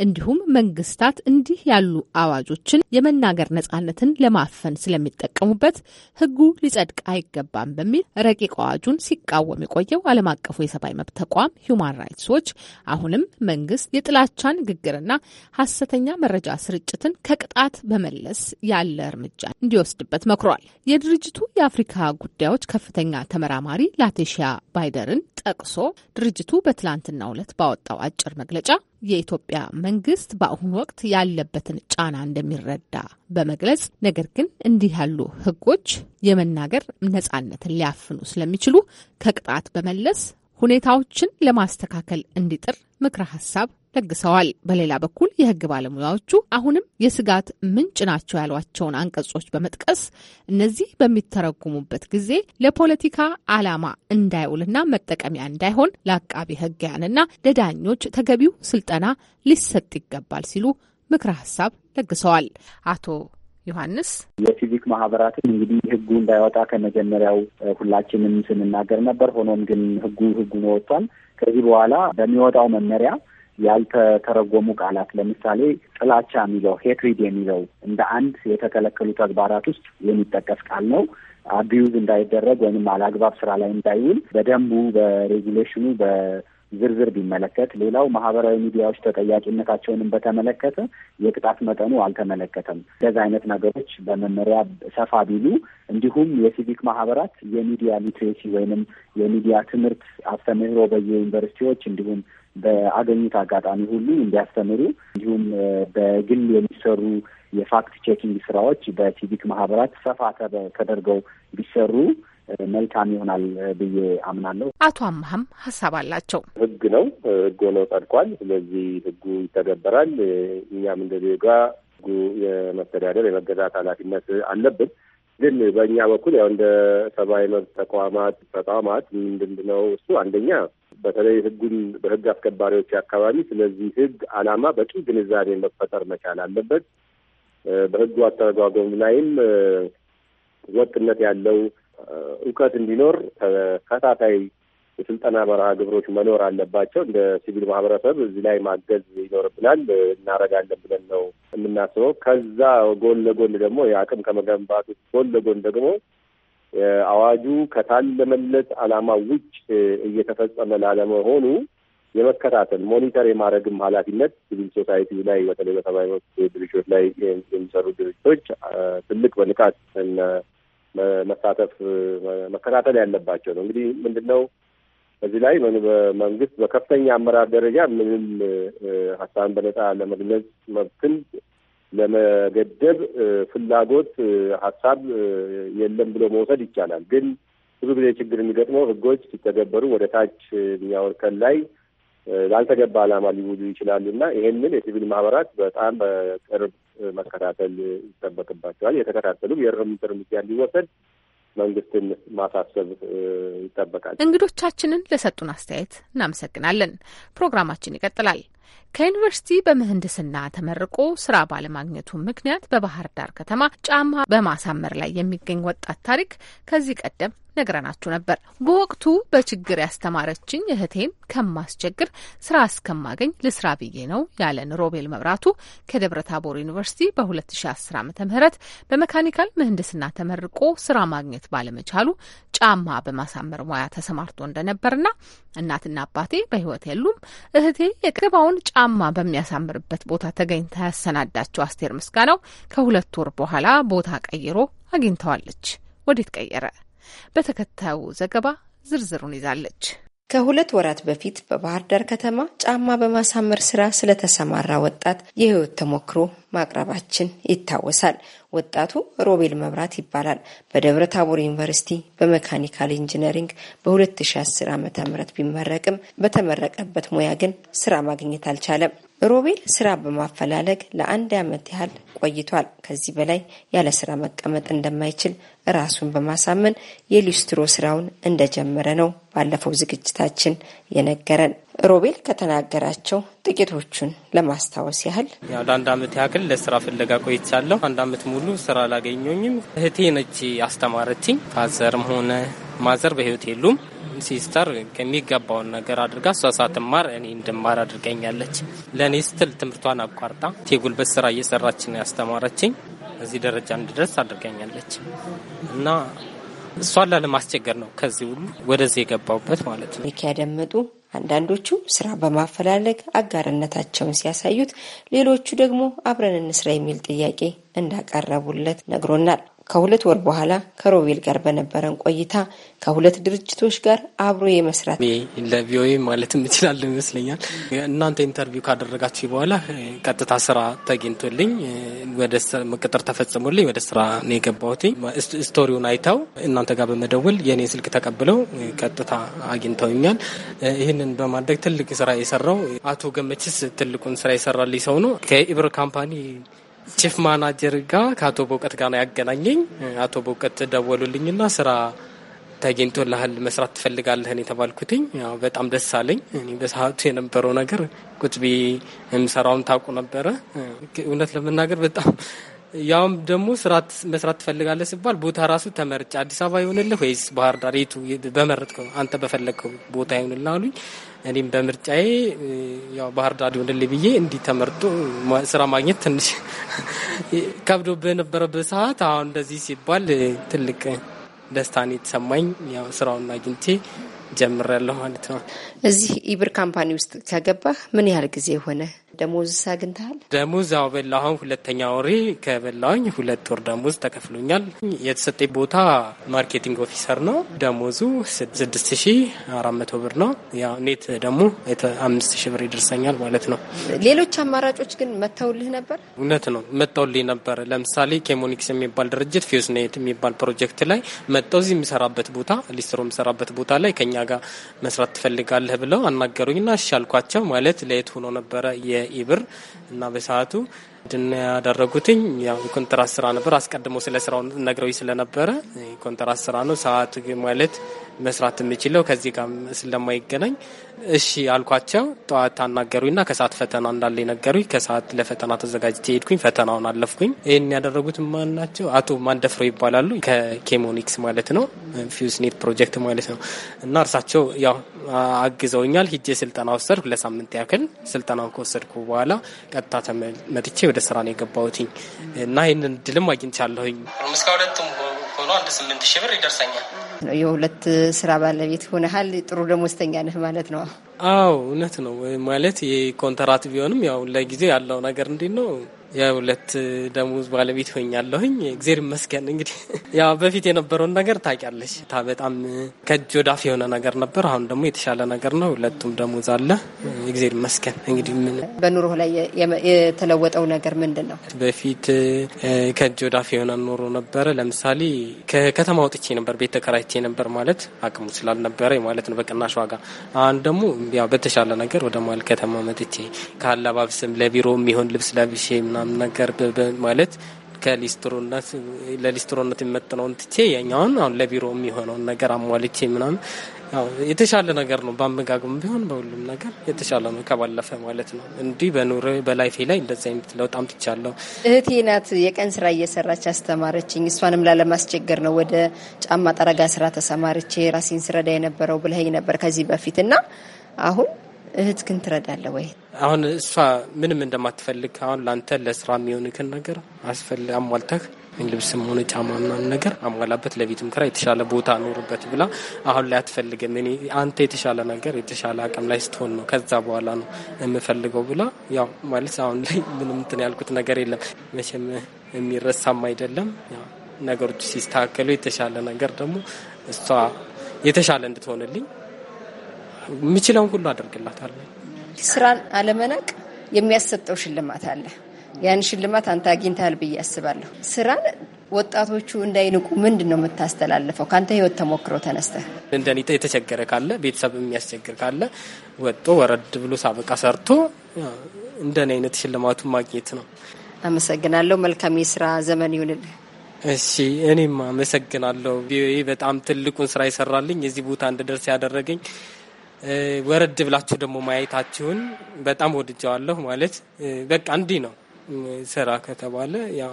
እንዲሁም መንግስታት እንዲህ ያሉ አዋጆችን የመናገር ነጻነትን ለማፈን ስለሚጠቀሙበት ሕጉ ሊጸድቅ አይገባም በሚል ረቂቅ አዋጁን ሲቃወም የቆየው ዓለም አቀፉ የሰብአዊ መብት ተቋም ሂውማን ራይትስ ዎች አሁንም መንግስት የጥላቻ ንግግርና ሀሰተኛ መረጃ ስርጭትን ከቅጣት በመለስ ያለ እርምጃ እንዲወስድበት መክሯል። የድርጅቱ የአፍሪካ ጉዳዮች ከፍተኛ ተመራማሪ ላቴሺያ ባይደርን ጠቅሶ ድርጅቱ በትላንትናው ዕለት ባወጣው አጭር መግለጫ የኢትዮጵያ መንግስት በአሁኑ ወቅት ያለበትን ጫና እንደሚረዳ በመግለጽ ነገር ግን እንዲህ ያሉ ህጎች የመናገር ነጻነትን ሊያፍኑ ስለሚችሉ ከቅጣት በመለስ ሁኔታዎችን ለማስተካከል እንዲጥር ምክረ ሀሳብ ለግሰዋል። በሌላ በኩል የህግ ባለሙያዎቹ አሁንም የስጋት ምንጭ ናቸው ያሏቸውን አንቀጾች በመጥቀስ እነዚህ በሚተረጉሙበት ጊዜ ለፖለቲካ ዓላማ እንዳይውልና መጠቀሚያ እንዳይሆን ለአቃቢ ህግያንና ለዳኞች ተገቢው ስልጠና ሊሰጥ ይገባል ሲሉ ምክረ ሀሳብ ለግሰዋል። አቶ ዮሐንስ የሲቪክ ማህበራትን እንግዲህ ህጉ እንዳይወጣ ከመጀመሪያው ሁላችንም ስንናገር ነበር። ሆኖም ግን ህጉ ህጉ ነው ወጥቷል። ከዚህ በኋላ በሚወጣው መመሪያ ያልተተረጎሙ ቃላት ለምሳሌ ጥላቻ የሚለው ሄትሪድ የሚለው እንደ አንድ የተከለከሉ ተግባራት ውስጥ የሚጠቀስ ቃል ነው። አቢዩዝ እንዳይደረግ ወይም አላግባብ ስራ ላይ እንዳይውል በደንቡ በሬጉሌሽኑ በዝርዝር ቢመለከት። ሌላው ማህበራዊ ሚዲያዎች ተጠያቂነታቸውንም በተመለከተ የቅጣት መጠኑ አልተመለከተም። እንደዚህ አይነት ነገሮች በመመሪያ ሰፋ ቢሉ፣ እንዲሁም የሲቪክ ማህበራት የሚዲያ ሊትሬሲ ወይንም የሚዲያ ትምህርት አስተምህሮ በየዩኒቨርሲቲዎች እንዲሁም በአገኙት አጋጣሚ ሁሉ እንዲያስተምሩ እንዲሁም በግል የሚሰሩ የፋክት ቼኪንግ ስራዎች በሲቪክ ማህበራት ሰፋ ተደርገው ቢሰሩ መልካም ይሆናል ብዬ አምናለሁ። አቶ አምሀም ሀሳብ አላቸው። ህግ ነው፣ ህግ ሆኖ ጸድቋል። ስለዚህ ህጉ ይተገበራል። እኛም እንደ ዜጋ ህጉ የመተዳደር የመገዛት ኃላፊነት አለብን። ግን በእኛ በኩል ያው እንደ ሰብአዊ መብት ተቋማት ተቋማት ምንድን ነው እሱ አንደኛ በተለይ ህጉን በህግ አስከባሪዎች አካባቢ ስለዚህ ህግ አላማ በቂ ግንዛቤ መፈጠር መቻል አለበት። በህጉ አተረጓጎም ላይም ወጥነት ያለው እውቀት እንዲኖር ተከታታይ የስልጠና መርሃ ግብሮች መኖር አለባቸው። እንደ ሲቪል ማህበረሰብ እዚህ ላይ ማገዝ ይኖርብናል፣ እናረጋለን ብለን ነው የምናስበው። ከዛ ጎን ለጎን ደግሞ የአቅም ከመገንባቱ ጎን ለጎን ደግሞ አዋጁ ከታለመለት ዓላማ ውጭ እየተፈጸመ ላለመሆኑ የመከታተል ሞኒተር የማድረግም ኃላፊነት ሲቪል ሶሳይቲ ላይ በተለይ በሰብአዊ መብት ድርጅቶች ላይ የሚሰሩ ድርጅቶች ትልቅ በንቃት መሳተፍ መከታተል ያለባቸው ነው። እንግዲህ ምንድን ነው በዚህ ላይ መንግስት በከፍተኛ አመራር ደረጃ ምንም ሀሳብን በነጻ ለመግለጽ መብትን ለመገደብ ፍላጎት ሀሳብ የለም ብሎ መውሰድ ይቻላል። ግን ብዙ ጊዜ ችግር የሚገጥመው ህጎች ሲተገበሩ ወደ ታች የሚያወርከን ላይ ላልተገባ ዓላማ ሊውሉ ይችላሉ እና ይሄንን የሲቪል ማህበራት በጣም በቅርብ መከታተል ይጠበቅባቸዋል። የተከታተሉ የእርምት እርምጃ ሊወሰድ መንግስትን ማሳሰብ ይጠበቃል። እንግዶቻችንን ለሰጡን አስተያየት እናመሰግናለን። ፕሮግራማችን ይቀጥላል። ከዩኒቨርሲቲ በምህንድስና ተመርቆ ስራ ባለማግኘቱ ምክንያት በባህር ዳር ከተማ ጫማ በማሳመር ላይ የሚገኝ ወጣት ታሪክ ከዚህ ቀደም ነግረናችሁ ነበር። በወቅቱ በችግር ያስተማረችኝ እህቴም ከማስቸግር ስራ እስከማገኝ ልስራ ብዬ ነው ያለን ሮቤል መብራቱ ከደብረ ታቦር ዩኒቨርሲቲ በ2010 ዓ ም በመካኒካል ምህንድስና ተመርቆ ስራ ማግኘት ባለመቻሉ ጫማ በማሳመር ሙያ ተሰማርቶ እንደነበርና እናትና አባቴ በህይወት የሉም፣ እህቴ የቅርባውን ጫማ በሚያሳምርበት ቦታ ተገኝታ ያሰናዳቸው አስቴር ምስጋናው ከሁለት ወር በኋላ ቦታ ቀይሮ አግኝተዋለች። ወዴት ቀየረ? በተከታዩ ዘገባ ዝርዝሩን ይዛለች። ከሁለት ወራት በፊት በባህር ዳር ከተማ ጫማ በማሳመር ስራ ስለተሰማራ ወጣት የህይወት ተሞክሮ ማቅረባችን ይታወሳል። ወጣቱ ሮቤል መብራት ይባላል። በደብረ ታቦር ዩኒቨርሲቲ በመካኒካል ኢንጂነሪንግ በ2010 ዓ ም ቢመረቅም በተመረቀበት ሙያ ግን ስራ ማግኘት አልቻለም። ሮቤል ስራ በማፈላለግ ለአንድ ዓመት ያህል ቆይቷል። ከዚህ በላይ ያለ ስራ መቀመጥ እንደማይችል ራሱን በማሳመን የሊስትሮ ስራውን እንደጀመረ ነው ባለፈው ዝግጅታችን የነገረን። ሮቤል ከተናገራቸው ጥቂቶቹን ለማስታወስ ያህል ለአንድ አመት ያክል ለስራ ፍለጋ ቆይቻለሁ። አንድ አመት ሙሉ ስራ አላገኘኝም። እህቴ ነች አስተማረችኝ። ፋዘርም ሆነ ማዘር በህይወት የሉም። ሲስተር ከሚገባውን ነገር አድርጋ እሷ ሳትማር እኔ እንድማር አድርገኛለች። ለእኔ ስትል ትምህርቷን አቋርጣ የጉልበት ስራ እየሰራች ነው ያስተማረችኝ። እዚህ ደረጃ እንድደርስ አድርገኛለች እና እሷን ላለማስቸገር ነው ከዚህ ሁሉ ወደዚህ የገባውበት ማለት ነው። ሚኪ ያደመጡ አንዳንዶቹ ስራ በማፈላለግ አጋርነታቸውን ሲያሳዩት፣ ሌሎቹ ደግሞ አብረን እንስራ የሚል ጥያቄ እንዳቀረቡለት ነግሮናል። ከሁለት ወር በኋላ ከሮቤል ጋር በነበረን ቆይታ ከሁለት ድርጅቶች ጋር አብሮ የመስራት ለቪኦኤ ማለት ይችላል ይመስለኛል። እናንተ ኢንተርቪው ካደረጋችሁ በኋላ ቀጥታ ስራ ተገኝቶልኝ ወደ ቅጥር ተፈጽሞልኝ ወደ ስራ ነው ስቶሪውን አይተው እናንተ ጋር በመደወል የእኔ ስልክ ተቀብለው ቀጥታ አግኝተውኛል። ይህንን በማድረግ ትልቅ ስራ የሰራው አቶ ገመችስ ትልቁን ስራ የሰራልኝ ሰው ነው ከኢብር ካምፓኒ ቺፍ ማናጀር ጋር ከአቶ በውቀት ጋር ነው ያገናኘኝ። አቶ በውቀት ደወሉልኝና ስራ ተገኝቶ ላህል መስራት ትፈልጋለህን የተባልኩትኝ በጣም ደስ አለኝ። በሰዓቱ የነበረው ነገር ቁጥቢ የምሰራውን ታውቁ ነበረ። እውነት ለመናገር በጣም ያውም ደግሞ ስራ መስራት ትፈልጋለህ ሲባል ቦታ ራሱ ተመርጭ አዲስ አበባ ይሆንልህ ወይስ ባህር ዳር የቱ በመረጥከው አንተ በፈለግከው ቦታ ይሆንልህ አሉኝ። እኔም በምርጫዬ ያው ባህር ዳር ይሆንልህ ብዬ እንዲህ ተመርጦ ስራ ማግኘት ትንሽ ከብዶ በነበረበት ሰዓት አሁን እንደዚህ ሲባል ትልቅ ደስታን የተሰማኝ ያው ስራውን አግኝቼ ጀምሬያለሁ ማለት ነው። እዚህ ኢብር ካምፓኒ ውስጥ ከገባህ ምን ያህል ጊዜ ሆነ? ደሞዝ ሳግንታል? ደሞዝ ያው በላሁን ሁለተኛ ወሪ ከበላሁኝ ሁለት ወር ደሞዝ ተከፍሎኛል። የተሰጠ ቦታ ማርኬቲንግ ኦፊሰር ነው። ደሞዙ ስድስት ሺ አራት መቶ ብር ነው። ያው ኔት ደግሞ አምስት ሺ ብር ይደርሰኛል ማለት ነው። ሌሎች አማራጮች ግን መተውልህ ነበር? እውነት ነው መተውልህ ነበር። ለምሳሌ ኬሞኒክስ የሚባል ድርጅት ፊዩስኔት የሚባል ፕሮጀክት ላይ መጠው እዚህ የሚሰራበት ቦታ ሊስትሮ የሚሰራበት ቦታ ላይ ከኛ ጋር መስራት ትፈልጋለህ ብለው አናገሩኝና እሺ አልኳቸው። ማለት ለየት ሆኖ ነበረ የ የኢብር እና በሰዓቱ ድና ያደረጉትኝ ያው የኮንትራት ስራ ነበር። አስቀድሞ ስለ ስራው ነግረው ስለነበረ ኮንትራት ስራ ነው ሰዓት ማለት መስራት የምችለው ከዚህ ጋር ስለማይገናኝ እሺ አልኳቸው። ጠዋት አናገሩኝና ከሰዓት ፈተና እንዳለ ነገሩኝ። ከሰዓት ለፈተና ተዘጋጅቼ ሄድኩኝ። ፈተናውን አለፍኩኝ። ይህን ያደረጉት ማን ናቸው? አቶ ማንደፍረው ይባላሉ። ከኬሞኒክስ ማለት ነው፣ ፊውስኔት ፕሮጀክት ማለት ነው። እና እርሳቸው ያው አግዘውኛል። ሂጄ ስልጠና ወሰድኩ። ለሳምንት ያክል ስልጠናውን ከወሰድኩ በኋላ ቀጥታ ተመጥቼ ወደ ስራ ነው የገባሁትኝ እና ይህንን ድልም አግኝቻለሁኝ። እስከ ሁለቱም ሆኖ አንድ ስምንት ሺህ ብር ይደርሰኛል የሁለት ስራ ባለቤት ሆነሃል። ጥሩ ደሞዝተኛ ነህ ማለት ነው። አዎ እውነት ነው። ማለት የኮንትራት ቢሆንም ያው ለጊዜ ያለው ነገር እንዲ ነው ሁለት ደሞዝ ባለቤት ሆኛለሁኝ። እግዜር ይመስገን። እንግዲህ ያ በፊት የነበረውን ነገር ታውቂያለሽ። በጣም ከእጅ ወዳፍ የሆነ ነገር ነበር። አሁን ደግሞ የተሻለ ነገር ነው። ሁለቱም ደሞዝ አለ። እግዜር ይመስገን። እንግዲህ ምን በኑሮ ላይ የተለወጠው ነገር ምንድን ነው? በፊት ከእጅ ወዳፍ የሆነ ኑሮ ነበረ። ለምሳሌ ከከተማ ወጥቼ ነበር፣ ቤት ተከራይቼ ነበር ማለት አቅሙ ስላልነበረ ማለት ነው፣ በቅናሽ ዋጋ። አሁን ደግሞ ያው በተሻለ ነገር ወደ መሀል ከተማ መጥቼ ከአለባብስም ለቢሮ የሚሆን ልብስ ለብሼ ምናምን ምናምን ነገር ማለት ከሊስትሮነት ለሊስትሮነት የሚመጥነውን ትቼ ያኛውን አሁን ለቢሮ የሚሆነውን ነገር አሟልቼ ምናምን ያው የተሻለ ነገር ነው። በአመጋገብ ቢሆን በሁሉም ነገር የተሻለ ነው ከባለፈ ማለት ነው። እንዲህ በኑሮ በላይፌ ላይ እንደዚ አይነት ለውጥ አምጥቻለሁ። እህቴ ናት የቀን ስራ እየሰራች አስተማረችኝ። እሷንም ላለማስቸገር ነው ወደ ጫማ ጠረጋ ስራ ተሰማርቼ ራሴን ስረዳ የነበረው ብለኸኝ ነበር ከዚህ በፊት እና አሁን እህት ግን ትረዳለ ወይ? አሁን እሷ ምንም እንደማትፈልግ አሁን ለአንተ ለስራ የሚሆንክን ነገር አስፈል አሟልተህ ልብስም ሆነ ጫማ ምናምን ነገር አሟላበት፣ ለቤትም ክራ የተሻለ ቦታ ኖርበት ብላ አሁን ላይ አትፈልግም። እኔ አንተ የተሻለ ነገር የተሻለ አቅም ላይ ስትሆን ነው ከዛ በኋላ ነው የምፈልገው ብላ ያው ማለት አሁን ላይ ምንም እንትን ያልኩት ነገር የለም። መቼም የሚረሳም አይደለም። ነገሮች ሲስተካከሉ የተሻለ ነገር ደግሞ እሷ የተሻለ እንድትሆንልኝ የምችለውን ሁሉ አደርግላታለሁ። ስራን አለመናቅ የሚያሰጠው ሽልማት አለ። ያን ሽልማት አንተ አግኝተሃል ብዬ አስባለሁ። ስራን ወጣቶቹ እንዳይንቁ ምንድን ነው የምታስተላልፈው? ከአንተ ህይወት ተሞክሮ ተነስተ እንደኔ የተቸገረ ካለ ቤተሰብ የሚያስቸግር ካለ ወጦ ወረድ ብሎ ሳበቃ ሰርቶ እንደኔ አይነት ሽልማቱን ማግኘት ነው። አመሰግናለሁ። መልካም የስራ ዘመን ይሁንልህ። እሺ፣ እኔም አመሰግናለሁ። ቪኦኤ በጣም ትልቁን ስራ ይሰራልኝ፣ እዚህ ቦታ እንድደርስ ያደረገኝ ወረድ ብላችሁ ደግሞ ማየታችሁን በጣም ወድጃዋለሁ። ማለት በቃ እንዲህ ነው ስራ ከተባለ ያ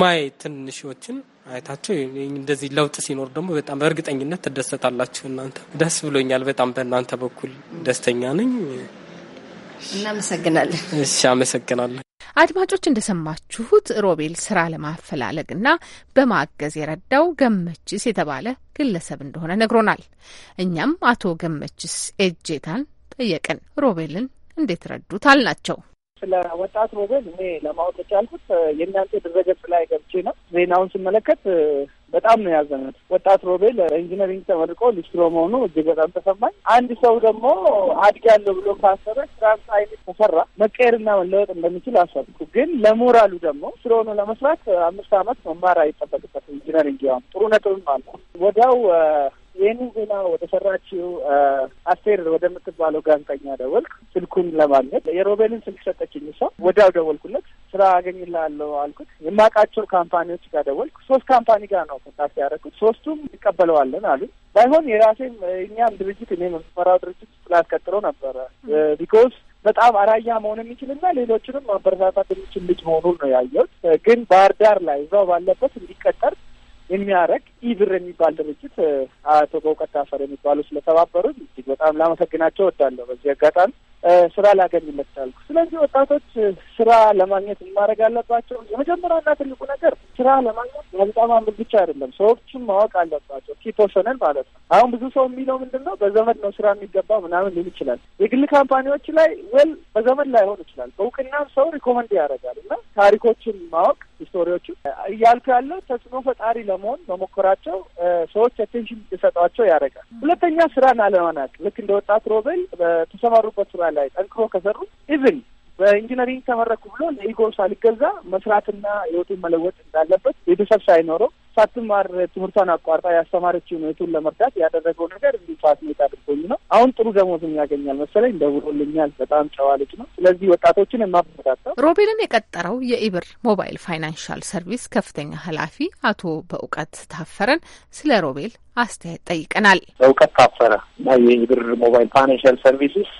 ማየት ትንሾችን አይታቸው እንደዚህ ለውጥ ሲኖር ደግሞ በጣም በእርግጠኝነት ትደሰታላችሁ። እናንተ ደስ ብሎኛል። በጣም በእናንተ በኩል ደስተኛ ነኝ። እናመሰግናለን። እሺ፣ አመሰግናለሁ። አድማጮች እንደሰማችሁት ሮቤል ስራ ለማፈላለግና በማገዝ የረዳው ገመችስ የተባለ ግለሰብ እንደሆነ ነግሮናል። እኛም አቶ ገመችስ ኤጄታን ጠየቅን። ሮቤልን እንዴት ረዱት አልናቸው። ስለ ወጣት ሞገድ እኔ ለማወቅ የቻልኩት የእናንተ ድረገጽ ላይ ገብቼ ነው። ዜናውን ስመለከት በጣም ነው ያዘነት። ወጣት ሮቤል ኢንጂነሪንግ ተመርቆ ሊስትሮ መሆኑ እጅግ በጣም ተሰማኝ። አንድ ሰው ደግሞ አድጋለሁ ብሎ ካሰበ ትራንስ አይነት ተሰራ መቀየርና መለወጥ እንደሚችል አሰብኩ። ግን ለሞራሉ ደግሞ ሊስትሮ ለመስራት አምስት አመት መማር አይጠበቅበት ኢንጂነሪንግ ያው ጥሩ ነጥብም አለ። ወዲያው ይህንን ዜና ወደ ሰራችው አስቴር ወደምትባለው ጋዜጠኛ ደወልክ። ስልኩን ለማግኘት የሮቤልን ስልክ ሰጠችኝ። እሷ ወዲያው ደወልኩለት። ስራ አገኝልሃለሁ አልኩት። የማውቃቸው ካምፓኒዎች ጋር ደወልኩ። ሶስት ካምፓኒ ጋር ነው ኮንታክት ያደረኩት። ሶስቱም ይቀበለዋለን አሉ። ባይሆን የራሴም እኛም ድርጅት እኔ የምመራው ድርጅት ስላስቀጥረው ነበረ ቢኮዝ በጣም አራያ መሆን የሚችልና ሌሎችንም ማበረታታት የሚችል ልጅ መሆኑን ነው ያየሁት። ግን ባህር ዳር ላይ እዛው ባለበት እንዲቀጠር የሚያደርግ ኢብር የሚባል ድርጅት አቶ በውቀት አፈር የሚባሉ ስለተባበሩ እጅግ በጣም ላመሰግናቸው እወዳለሁ። በዚህ አጋጣሚ ስራ ላገኝለት ቻልኩ። ስለዚህ ወጣቶች ስራ ለማግኘት ማድረግ አለባቸው። የመጀመሪያና ትልቁ ነገር ስራ ለማግኘት ጋዜጣ ማንበብ ብቻ አይደለም፣ ሰዎችም ማወቅ አለባቸው። ፐርሰነል ማለት ነው። አሁን ብዙ ሰው የሚለው ምንድን ነው፣ በዘመድ ነው ስራ የሚገባ ምናምን ሊል ይችላል። የግል ካምፓኒዎች ላይ ወል በዘመድ ላይሆን ይችላል፣ በእውቅናም ሰው ሪኮመንድ ያደርጋል እና ታሪኮችን ማወቅ ሂስቶሪዎችን እያልኩ ያለው ተጽዕኖ ፈጣሪ ለ ለመሆን መሞከራቸው ሰዎች አቴንሽን እንዲሰጧቸው ያደርጋል። ሁለተኛ ስራን አለመናቅ ልክ እንደ ወጣት ሮቤል በተሰማሩበት ስራ ላይ ጠንክሮ ከሰሩ ኢቭን በኢንጂነሪንግ ተመረኩ ብሎ ለኢጎ ሳልገዛ መስራትና ህይወቱን መለወጥ እንዳለበት ቤተሰብ ሳይኖረው ሳትማር ትምህርቷን አቋርጣ ያስተማረችውን እህቱን ለመርዳት ያደረገው ነገር እንዲ ሜት አድርጎኝ ነው። አሁን ጥሩ ደሞዝም ያገኛል መሰለኝ፣ ደውሎልኛል። በጣም ጨዋ ነው። ስለዚህ ወጣቶችን የማበረታታው ሮቤልን የቀጠረው የኢብር ሞባይል ፋይናንሻል ሰርቪስ ከፍተኛ ኃላፊ አቶ በእውቀት ታፈረን ስለ ሮቤል አስተያየት ጠይቀናል። በእውቀት ታፈረ የኢብር ሞባይል ፋይናንሻል ሰርቪስስ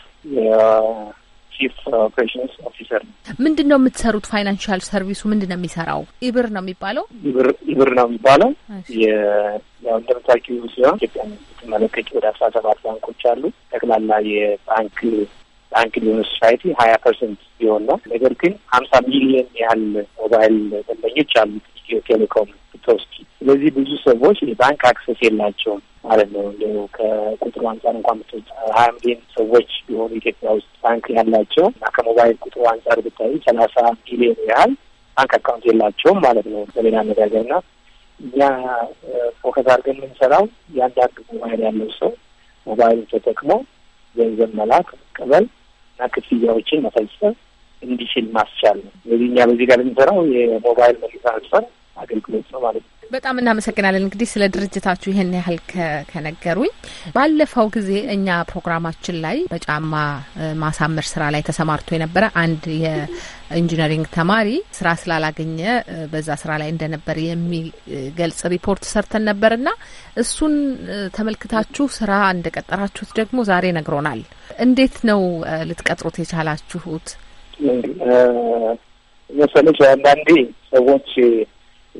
ቺፍ ኦፕሬሽንስ ኦፊሰር ነው። ምንድን ነው የምትሰሩት? ፋይናንሻል ሰርቪሱ ምንድን ነው የሚሰራው? ኢብር ነው የሚባለው። ኢብር ኢብር ነው የሚባለው። እንደምታውቂው ሲሆን ኢትዮጵያን ስትመለከች ወደ አስራ ሰባት ባንኮች አሉ። ጠቅላላ የባንክ ባንክ ሊሆን ሶሳይቲ ሀያ ፐርሰንት ቢሆን ነው። ነገር ግን ሀምሳ ሚሊዮን ያህል ሞባይል ደንበኞች አሉት ኢትዮ ቴሌኮም ስትወስድ፣ ስለዚህ ብዙ ሰዎች የባንክ አክሰስ የላቸውም ማለት ነው። እንደው ከቁጥሩ አንጻር እንኳን ምት ሀያ ሚሊዮን ሰዎች ቢሆኑ ኢትዮጵያ ውስጥ ባንክ ያላቸው እና ከሞባይል ቁጥሩ አንጻር ብታይ ሰላሳ ሚሊዮን ያህል ባንክ አካውንት የላቸውም ማለት ነው በሌላ አነጋገር እና እኛ ፎከስ አድርገን የምንሰራው የአንዳንድ ሞባይል ያለው ሰው ሞባይሉ ተጠቅሞ ገንዘብ መላክ፣ መቀበል እና ክፍያዎችን መፈጸም እንዲችል ማስቻል ነው። ስለዚህ እኛ በዚህ ጋር የምንሰራው የሞባይል መኒ ትራንስፈር አገልግሎት ነው ማለት ነው። በጣም እናመሰግናለን። እንግዲህ ስለ ድርጅታችሁ ይህን ያህል ከነገሩኝ፣ ባለፈው ጊዜ እኛ ፕሮግራማችን ላይ በጫማ ማሳመር ስራ ላይ ተሰማርቶ የነበረ አንድ የኢንጂነሪንግ ተማሪ ስራ ስላላገኘ በዛ ስራ ላይ እንደነበር የሚገልጽ ሪፖርት ሰርተን ነበር እና እሱን ተመልክታችሁ ስራ እንደቀጠራችሁት ደግሞ ዛሬ ነግሮናል። እንዴት ነው ልትቀጥሩት የቻላችሁት? መሰለች አንዳንዴ ሰዎች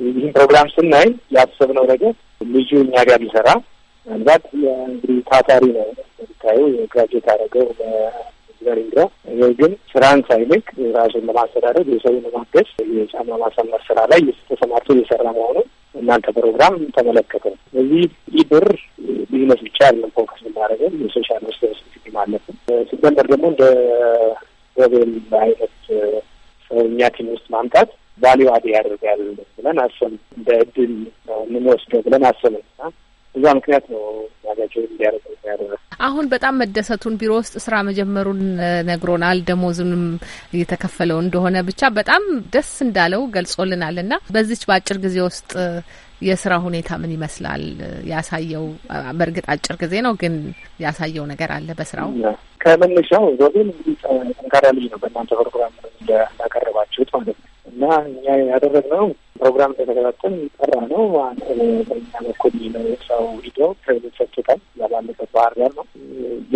ይህን ፕሮግራም ስናይ ያሰብነው ነገር ልጁ እኛ ጋር ቢሰራ ምናልባት እንግዲህ ታታሪ ነው ታዩ ግራጁዌት አደረገው በዘሪንግራ ነገር ግን ስራን ሳይልቅ ራሱን ለማስተዳደር የሰውን ለማገዝ የጫማ ማሳመር ስራ ላይ ተሰማርቶ እየሰራ መሆኑ እናንተ ፕሮግራም ተመለከተ። ስለዚህ ይህ ብር ቢዝነስ ብቻ አይደለም ፎከስ የምናደርገው የሶሻል ሬስፖንሲቢሊቲ ማለትም ሲጀመር ደግሞ እንደ ገቤል አይነት ሰው እኛ ቲም ውስጥ ማምጣት ቫሊዩ አድ ያደርጋል ብለን አሰብ እንደ እድል የምንወስደው ብለን አሰብ እና እዛ ምክንያት ነው ዋጋቸው እንዲያደረግ ያደረግ። አሁን በጣም መደሰቱን ቢሮ ውስጥ ስራ መጀመሩን ነግሮናል። ደሞዝንም እየተከፈለው እንደሆነ ብቻ በጣም ደስ እንዳለው ገልጾልናል። እና በዚች በአጭር ጊዜ ውስጥ የስራ ሁኔታ ምን ይመስላል? ያሳየው በእርግጥ አጭር ጊዜ ነው፣ ግን ያሳየው ነገር አለ በስራው ከመነሻው ዞቤል እንግዲህ ጠንካራ ልጅ ነው። በእናንተ ፕሮግራም እንዳቀረባችሁት ማለት ነው እና እኛ ያደረግነው ፕሮግራም ተተከታተል ጠራ ነው። አንተ በኛ በኩል ነው ሰው ሂዶ ክሬዲት ሰጥቶታል። ያባለበት ባህር ዳር ነው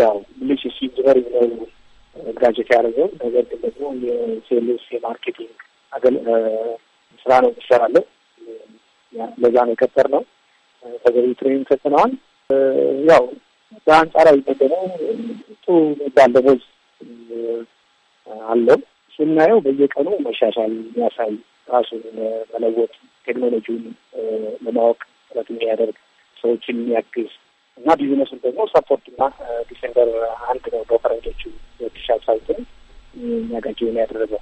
ያው ልጅ ሲ ዝበር ብለው ግራጅት ያደረገው ነገር ግን ደግሞ የሴልስ የማርኬቲንግ አገል ስራ ነው ይሰራለን። ለዛ ነው የቀጠር ነው። ተገቢ ትሬኒንግ ሰጥነዋል። ያው በአንጻራዊ ደግሞ ጥሩ የሚባል ደሞዝ አለው። ስናየው በየቀኑ መሻሻል የሚያሳይ ራሱን መለወጥ ቴክኖሎጂውን ለማወቅ ጥረት የሚያደርግ ሰዎችን የሚያግዝ እና ቢዝነሱን ደግሞ ሰፖርት እና ዲሴምበር አንድ ነው። በፈረንጆቹ ሁለት ሺ አስራ የሚያጋጀውን ያደረገው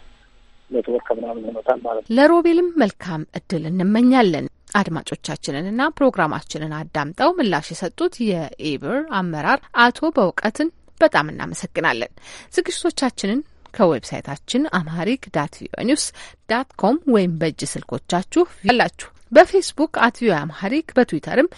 ኔትወርክ ምናምን ሆኖታል ማለት ነው። ለሮቤልም መልካም እድል እንመኛለን። አድማጮቻችንንና ፕሮግራማችንን አዳምጠው ምላሽ የሰጡት የኤብር አመራር አቶ በእውቀትን በጣም እናመሰግናለን። ዝግጅቶቻችንን ከዌብሳይታችን አምሃሪክ ዳት ቪኦኤ ኒውስ ዳት ኮም ወይም በእጅ ስልኮቻችሁ ያላችሁ በፌስቡክ አት ቪኦኤ አምሃሪክ በትዊተርም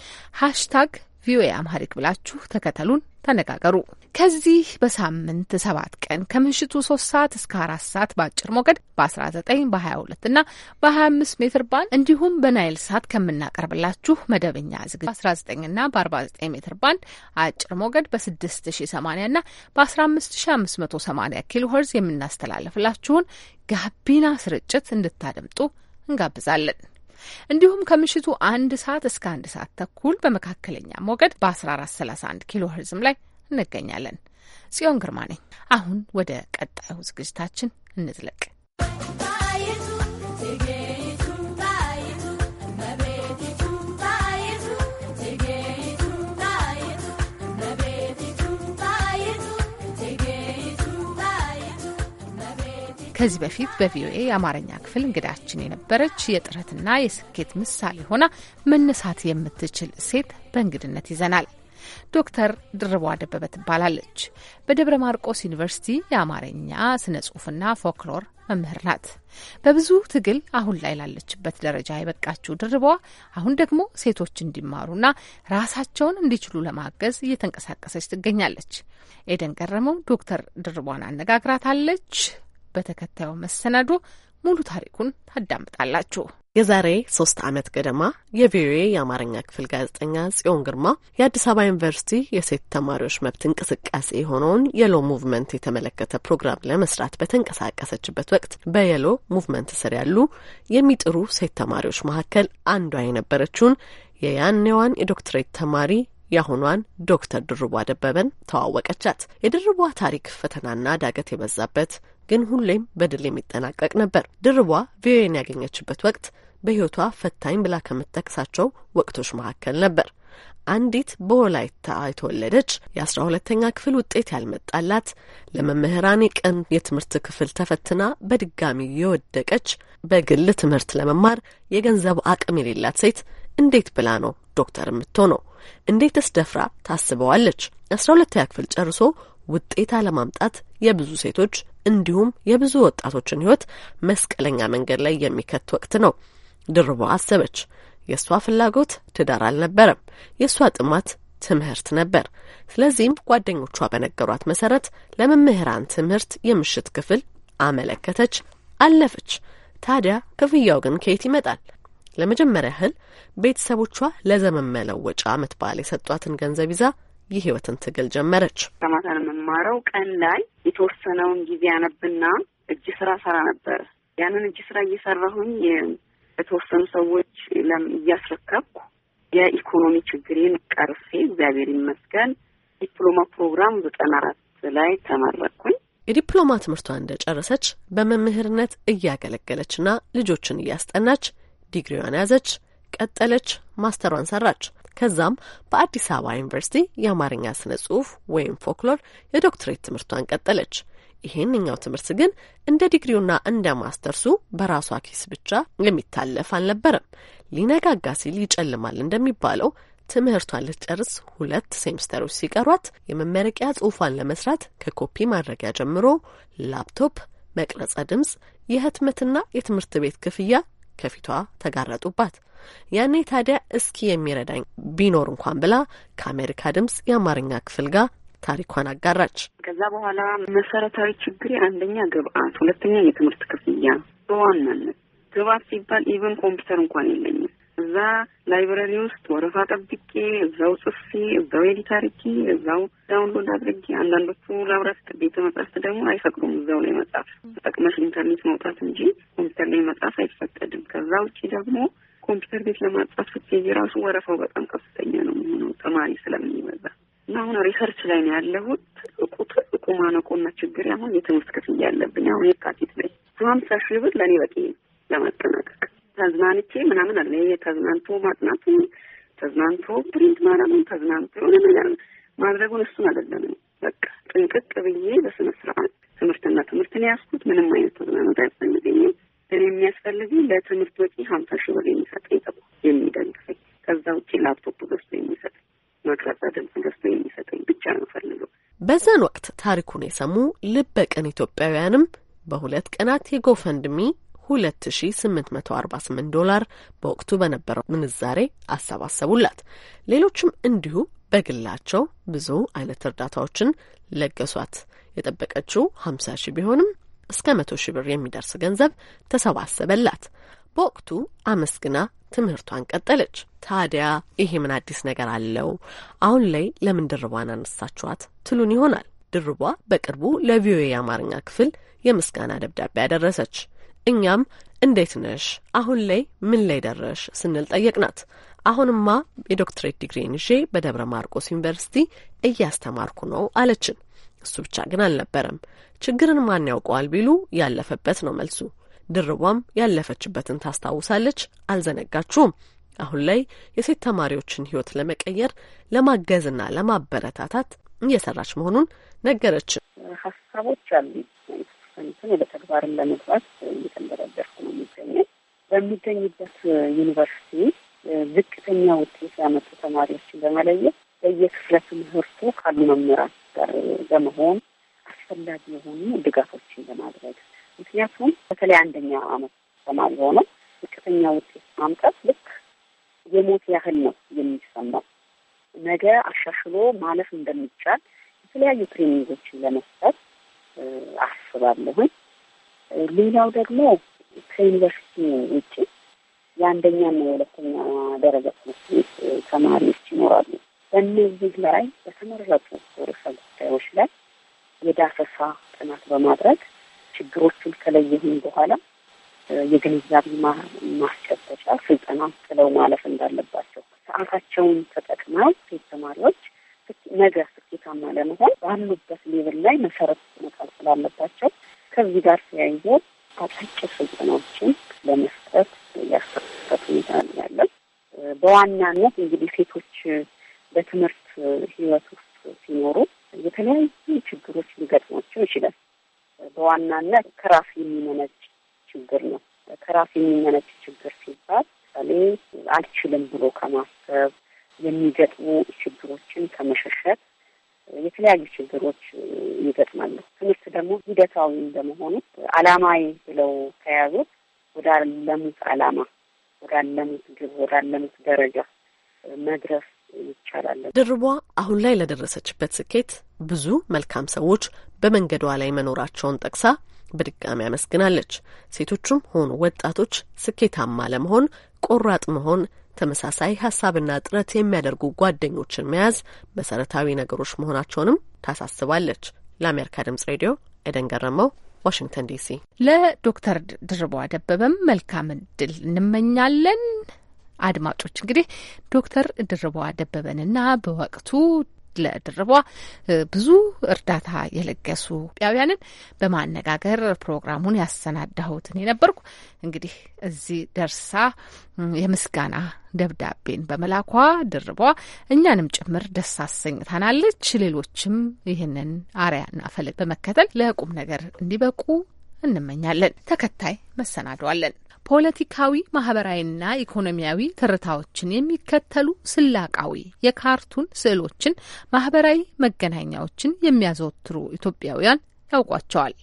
ሃሽታግ ቪኦኤ አምሃሪክ ብላችሁ ተከተሉን፣ ተነጋገሩ። ከዚህ በሳምንት ሰባት ቀን ከምሽቱ ሶስት ሰዓት እስከ አራት ሰዓት በአጭር ሞገድ በ19 በ22 እና በ25 ሜትር ባንድ እንዲሁም በናይል ሳት ከምናቀርብላችሁ መደበኛ ዝግጅት 19 እና በ49 ሜትር ባንድ አጭር ሞገድ በ6080 እና በ15580 ኪሎ ሄርዝ የምናስተላልፍላችሁን ጋቢና ስርጭት እንድታደምጡ እንጋብዛለን። እንዲሁም ከምሽቱ አንድ ሰዓት እስከ አንድ ሰዓት ተኩል በመካከለኛ ሞገድ በ1431 ኪሎ ሄርዝም ላይ እንገኛለን። ጽዮን ግርማ ነኝ። አሁን ወደ ቀጣዩ ዝግጅታችን እንዝለቅ። ከዚህ በፊት በቪኦኤ የአማርኛ ክፍል እንግዳችን የነበረች የጥረትና የስኬት ምሳሌ ሆና መነሳት የምትችል ሴት በእንግድነት ይዘናል። ዶክተር ድርቧ ደበበ ትባላለች። በደብረ ማርቆስ ዩኒቨርሲቲ የአማርኛ ስነ ጽሁፍና ፎክሎር መምህር ናት። በብዙ ትግል አሁን ላይ ላለችበት ደረጃ የበቃችው ድርቧ አሁን ደግሞ ሴቶች እንዲማሩና ራሳቸውን እንዲችሉ ለማገዝ እየተንቀሳቀሰች ትገኛለች። ኤደን ገረመው ዶክተር ድርቧን አነጋግራታለች። በተከታዩ መሰናዶ ሙሉ ታሪኩን ታዳምጣላችሁ። የዛሬ ሶስት ዓመት ገደማ የቪኦኤ የአማርኛ ክፍል ጋዜጠኛ ጽዮን ግርማ የአዲስ አበባ ዩኒቨርሲቲ የሴት ተማሪዎች መብት እንቅስቃሴ የሆነውን የሎ ሙቭመንት የተመለከተ ፕሮግራም ለመስራት በተንቀሳቀሰችበት ወቅት በየሎ ሙቭመንት ስር ያሉ የሚጥሩ ሴት ተማሪዎች መካከል አንዷ የነበረችውን የያኔዋን የዶክትሬት ተማሪ የአሁኗን ዶክተር ድርቧ ደበበን ተዋወቀቻት። የድርቧ ታሪክ ፈተናና ዳገት የበዛበት ግን ሁሌም በድል የሚጠናቀቅ ነበር። ድርቧ ቪኦኤን ያገኘችበት ወቅት በሕይወቷ ፈታኝ ብላ ከምትጠቅሳቸው ወቅቶች መካከል ነበር። አንዲት በወላይታ የተወለደች የአስራ ሁለተኛ ክፍል ውጤት ያልመጣላት ለመምህራን ቀን የትምህርት ክፍል ተፈትና በድጋሚ የወደቀች በግል ትምህርት ለመማር የገንዘብ አቅም የሌላት ሴት እንዴት ብላ ነው ዶክተር የምትሆነው? እንዴትስ ደፍራ ታስበዋለች? አስራ ሁለተኛ ክፍል ጨርሶ ውጤታ ለማምጣት የብዙ ሴቶች እንዲሁም የብዙ ወጣቶችን ህይወት መስቀለኛ መንገድ ላይ የሚከት ወቅት ነው። ድርቧ አሰበች። የእሷ ፍላጎት ትዳር አልነበረም። የእሷ ጥማት ትምህርት ነበር። ስለዚህም ጓደኞቿ በነገሯት መሰረት ለመምህራን ትምህርት የምሽት ክፍል አመለከተች፣ አለፈች። ታዲያ ክፍያው ግን ከየት ይመጣል? ለመጀመሪያ ያህል ቤተሰቦቿ ለዘመን መለወጫ ዓመት በዓል የሰጧትን ገንዘብ ይዛ የህይወትን ትግል ጀመረች። ሰማታን የምማረው ቀን ላይ የተወሰነውን ጊዜ ያነብና እጅ ስራ ሰራ ነበር። ያንን እጅ ስራ እየሰራሁኝ የተወሰኑ ሰዎች እያስረከብኩ የኢኮኖሚ ችግሬን ቀርፌ እግዚአብሔር ይመስገን ዲፕሎማ ፕሮግራም ዘጠና አራት ላይ ተመረኩኝ። የዲፕሎማ ትምህርቷን እንደጨረሰች በመምህርነት እያገለገለችና ልጆችን እያስጠናች ዲግሪዋን ያዘች፣ ቀጠለች፣ ማስተሯን ሰራች። ከዛም በአዲስ አበባ ዩኒቨርሲቲ የአማርኛ ስነ ጽሁፍ ወይም ፎክሎር የዶክትሬት ትምህርቷን ቀጠለች። ይሄንኛው ትምህርት ግን እንደ ዲግሪውና እንደ ማስተርሱ በራሷ ኪስ ብቻ የሚታለፍ አልነበረም። ሊነጋጋ ሲል ይጨልማል እንደሚባለው ትምህርቷን ልትጨርስ ሁለት ሴምስተሮች ሲቀሯት የመመረቂያ ጽሁፏን ለመስራት ከኮፒ ማድረጊያ ጀምሮ ላፕቶፕ፣ መቅረጸ ድምጽ፣ የህትመትና የትምህርት ቤት ክፍያ ከፊቷ ተጋረጡባት። ያኔ ታዲያ እስኪ የሚረዳኝ ቢኖር እንኳን ብላ ከአሜሪካ ድምጽ የአማርኛ ክፍል ጋር ታሪኳን አጋራች። ከዛ በኋላ መሰረታዊ ችግሬ አንደኛ ግብአት፣ ሁለተኛ የትምህርት ክፍያ በዋናነት ግብአት ሲባል ኢቨን ኮምፒውተር እንኳን የለኝም። እዛ ላይብረሪ ውስጥ ወረፋ ጠብቄ እዛው ጽፌ እዛው ኤዲታርኪ እዛው ዳውንሎድ አድርጌ አንዳንዶቹ ላብራፍት ቤተ መጻሕፍት ደግሞ አይፈቅዱም እዛው ላይ መጻፍ ተጠቅመሽ ኢንተርኔት መውጣት እንጂ ኮምፒውተር ላይ መጻፍ አይፈቀድም። ከዛ ውጭ ደግሞ ኮምፒውተር ቤት ለማጻፍ ስትሄጂ ራሱ ወረፋው በጣም ከፍተኛ ነው የሚሆነው ተማሪ ስለሚበዛ እና አሁን ሪሰርች ላይ ነው ያለሁት። ትልቁ ትልቁ ማነቆና ችግር አሁን የትምህርት ክፍያ ያለብኝ አሁን የካቲት ላይ ሀምሳ ሺህ ብር ለእኔ በቂ ለማጠናቀቅ ተዝናንቼ ምናምን አለ። ይሄ ተዝናንቶ ማጥናቱ ተዝናንቶ ፕሪንት ማድረጉን ተዝናንቶ የሆነ ነገር ማድረጉን እሱን አይደለም። በቃ ጥንቅቅ ብዬ በስነ ስርዓት ትምህርትና ትምህርትን ያስኩት ምንም አይነት ተዝናኖት አያስፈልገኝም። እኔ የሚያስፈልገኝ ለትምህርት ወጪ ሀምሳ ሺህ ብር የሚሰጠኝ ተቋ የሚደግፈኝ ከዛ ውጭ ላፕቶፕ ገዝቶ የሚሰጠኝ መቅረጻ ድምፅ ገዝቶ የሚሰጠኝ ብቻ ነው ፈልገው። በዛን ወቅት ታሪኩን የሰሙ ልበ ቅን ኢትዮጵያውያንም በሁለት ቀናት የጎፈንድሚ 2848 ዶላር በወቅቱ በነበረው ምንዛሬ አሰባሰቡላት። ሌሎችም እንዲሁ በግላቸው ብዙ አይነት እርዳታዎችን ለገሷት። የጠበቀችው 50 ሺህ ቢሆንም እስከ መቶ ሺህ ብር የሚደርስ ገንዘብ ተሰባሰበላት። በወቅቱ አመስግና ትምህርቷን ቀጠለች። ታዲያ ይሄ ምን አዲስ ነገር አለው? አሁን ላይ ለምን ድርቧን አነሳችኋት ትሉን ይሆናል። ድርቧ በቅርቡ ለቪኦኤ የአማርኛ ክፍል የምስጋና ደብዳቤ ያደረሰች እኛም እንዴት ነሽ አሁን ላይ ምን ላይ ደረሽ ስንል ጠየቅናት። አሁንማ የዶክትሬት ዲግሪን ይዤ በደብረ ማርቆስ ዩኒቨርሲቲ እያስተማርኩ ነው አለችን። እሱ ብቻ ግን አልነበረም። ችግርን ማን ያውቀዋል ቢሉ ያለፈበት ነው መልሱ። ድርቧም ያለፈችበትን ታስታውሳለች። አልዘነጋችሁም። አሁን ላይ የሴት ተማሪዎችን ሕይወት ለመቀየር ለማገዝና ለማበረታታት እየሰራች መሆኑን ነገረችን። ሀሳቦች አሉ የተወሰኑትን ወደ ተግባርን ለመግባት እየተንደረደርኩ ነው የሚገኘው። በሚገኝበት ዩኒቨርሲቲ ዝቅተኛ ውጤት ያመጡ ተማሪዎችን በመለየት በየክፍለ ትምህርቱ ካሉ መምህራን ጋር በመሆን አስፈላጊ የሆኑ ድጋፎችን ለማድረግ ምክንያቱም በተለይ አንደኛ አመት ተማሪ ሆኖ ዝቅተኛ ውጤት ማምጣት ልክ የሞት ያህል ነው የሚሰማው። ነገ አሻሽሎ ማለፍ እንደሚቻል የተለያዩ ትሬኒንጎችን ለመስጠት አስባለሁኝ። ሌላው ደግሞ ከዩኒቨርሲቲ ውጭ የአንደኛና የሁለተኛ ደረጃ ትምህርት ቤት ተማሪዎች ይኖራሉ። በእነዚህ ላይ በተመረጡ ርዕሰ ጉዳዮች ላይ የዳሰሳ ጥናት በማድረግ ችግሮቹን ከለየሁኝ በኋላ የግንዛቤ ማስጨበጫ ስልጠና ጥለው ማለፍ እንዳለባቸው ሰዓታቸውን ተጠቅመው ሴት ተማሪዎች ነገ ስኬታማ ለመሆን ባሉበት ሌብል ላይ መሰረት መጣል ስላለባቸው ከዚህ ጋር ተያይዞ አጫጭር ስልጠናዎችን ለመስጠት ያሰበት ሁኔታ ያለን። በዋናነት እንግዲህ ሴቶች በትምህርት ህይወት ውስጥ ሲኖሩ የተለያዩ ችግሮች ሊገጥሟቸው ይችላል። በዋናነት ከራስ የሚመነጭ ችግር ነው። ከራስ የሚመነጭ ችግር ሲባል ለምሳሌ አልችልም ብሎ ከማ ከመሸሸት የተለያዩ ችግሮች ይገጥማሉ። ትምህርት ደግሞ ሂደታዊ እንደመሆኑ አላማዊ ብለው ከያዙት ወዳለሙት አላማ፣ ወዳለሙት ግብ፣ ወዳለሙት ደረጃ መድረስ ይቻላል። ድርቧ አሁን ላይ ለደረሰችበት ስኬት ብዙ መልካም ሰዎች በመንገዷ ላይ መኖራቸውን ጠቅሳ በድጋሚ አመስግናለች። ሴቶቹም ሆኑ ወጣቶች ስኬታማ ለመሆን ቆራጥ መሆን ተመሳሳይ ሀሳብና ጥረት የሚያደርጉ ጓደኞችን መያዝ መሰረታዊ ነገሮች መሆናቸውንም ታሳስባለች። ለአሜሪካ ድምጽ ሬዲዮ ኤደን ገረመው ዋሽንግተን ዲሲ። ለዶክተር ድርባው ደበበም መልካም እድል እንመኛለን። አድማጮች እንግዲህ ዶክተር ድርባዋ ደበበንና በወቅቱ ለድርቧ ብዙ እርዳታ የለገሱ ኢትዮጵያውያንን በማነጋገር ፕሮግራሙን ያሰናዳሁትን የነበርኩ እንግዲህ እዚህ ደርሳ የምስጋና ደብዳቤን በመላኳ ድርቧ እኛንም ጭምር ደስ አሰኝታናለች። ሌሎችም ይህንን አርያና ፈለግ በመከተል ለቁም ነገር እንዲበቁ እንመኛለን። ተከታይ መሰናዶ ፖለቲካዊ ማህበራዊና ኢኮኖሚያዊ ትርታዎችን የሚከተሉ ስላቃዊ የካርቱን ስዕሎችን ማህበራዊ መገናኛዎችን የሚያዘወትሩ ኢትዮጵያውያን ያውቋቸዋል።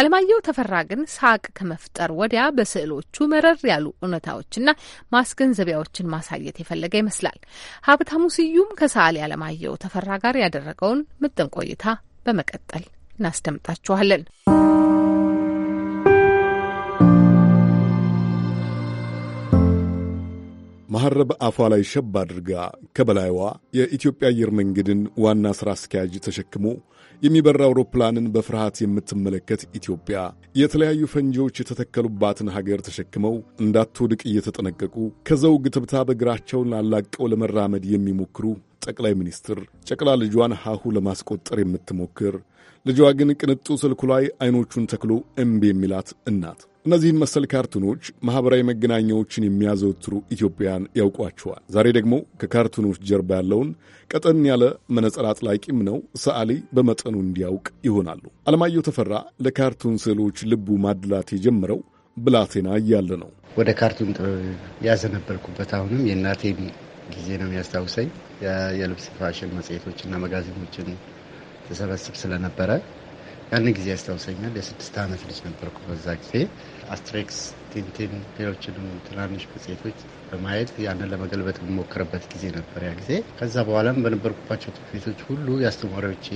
አለማየሁ ተፈራ ግን ሳቅ ከመፍጠር ወዲያ በስዕሎቹ መረር ያሉ እውነታዎችና ማስገንዘቢያዎችን ማሳየት የፈለገ ይመስላል። ሀብታሙ ስዩም ከሰዓሊ አለማየሁ ተፈራ ጋር ያደረገውን ምጥን ቆይታ በመቀጠል እናስደምጣችኋለን። መሐረብ አፏ ላይ ሸብ አድርጋ ከበላይዋ የኢትዮጵያ አየር መንገድን ዋና ሥራ አስኪያጅ ተሸክሞ የሚበራ አውሮፕላንን በፍርሃት የምትመለከት ኢትዮጵያ የተለያዩ ፈንጂዎች የተተከሉባትን ሀገር ተሸክመው እንዳትወድቅ እየተጠነቀቁ ከዘውግ ትብታብ እግራቸውን ላላቀው ለመራመድ የሚሞክሩ ጠቅላይ ሚኒስትር ጨቅላ ልጇን ሀሁ ለማስቆጠር የምትሞክር ልጇ ግን ቅንጡ ስልኩ ላይ ዐይኖቹን ተክሎ እምቢ የሚላት እናት እነዚህን መሰል ካርቱኖች ማኅበራዊ መገናኛዎችን የሚያዘወትሩ ኢትዮጵያን ያውቋቸዋል። ዛሬ ደግሞ ከካርቱኖች ጀርባ ያለውን ቀጠን ያለ መነጽር አጥላቂም ነው ሰዓሊ በመጠኑ እንዲያውቅ ይሆናሉ። አለማየሁ ተፈራ ለካርቱን ስዕሎች ልቡ ማድላት የጀመረው ብላቴና እያለ ነው። ወደ ካርቱን ጥበብ ያዘነበልኩበት አሁንም የእናቴን ጊዜ ነው የሚያስታውሰኝ። የልብስ ፋሽን መጽሔቶችና መጋዚኖችን ተሰበስብ ስለነበረ ያን ጊዜ ያስታውሰኛል። የስድስት ዓመት ልጅ ነበርኩ በዛ ጊዜ አስትሬክስ፣ ቲንቲን፣ ሌሎችንም ትናንሽ መጽሔቶች በማየት ያንን ለመገልበጥ የምሞክርበት ጊዜ ነበር ያ ጊዜ። ከዛ በኋላም በነበርኩባቸው ትምህርት ቤቶች ሁሉ የአስተማሪዎቼ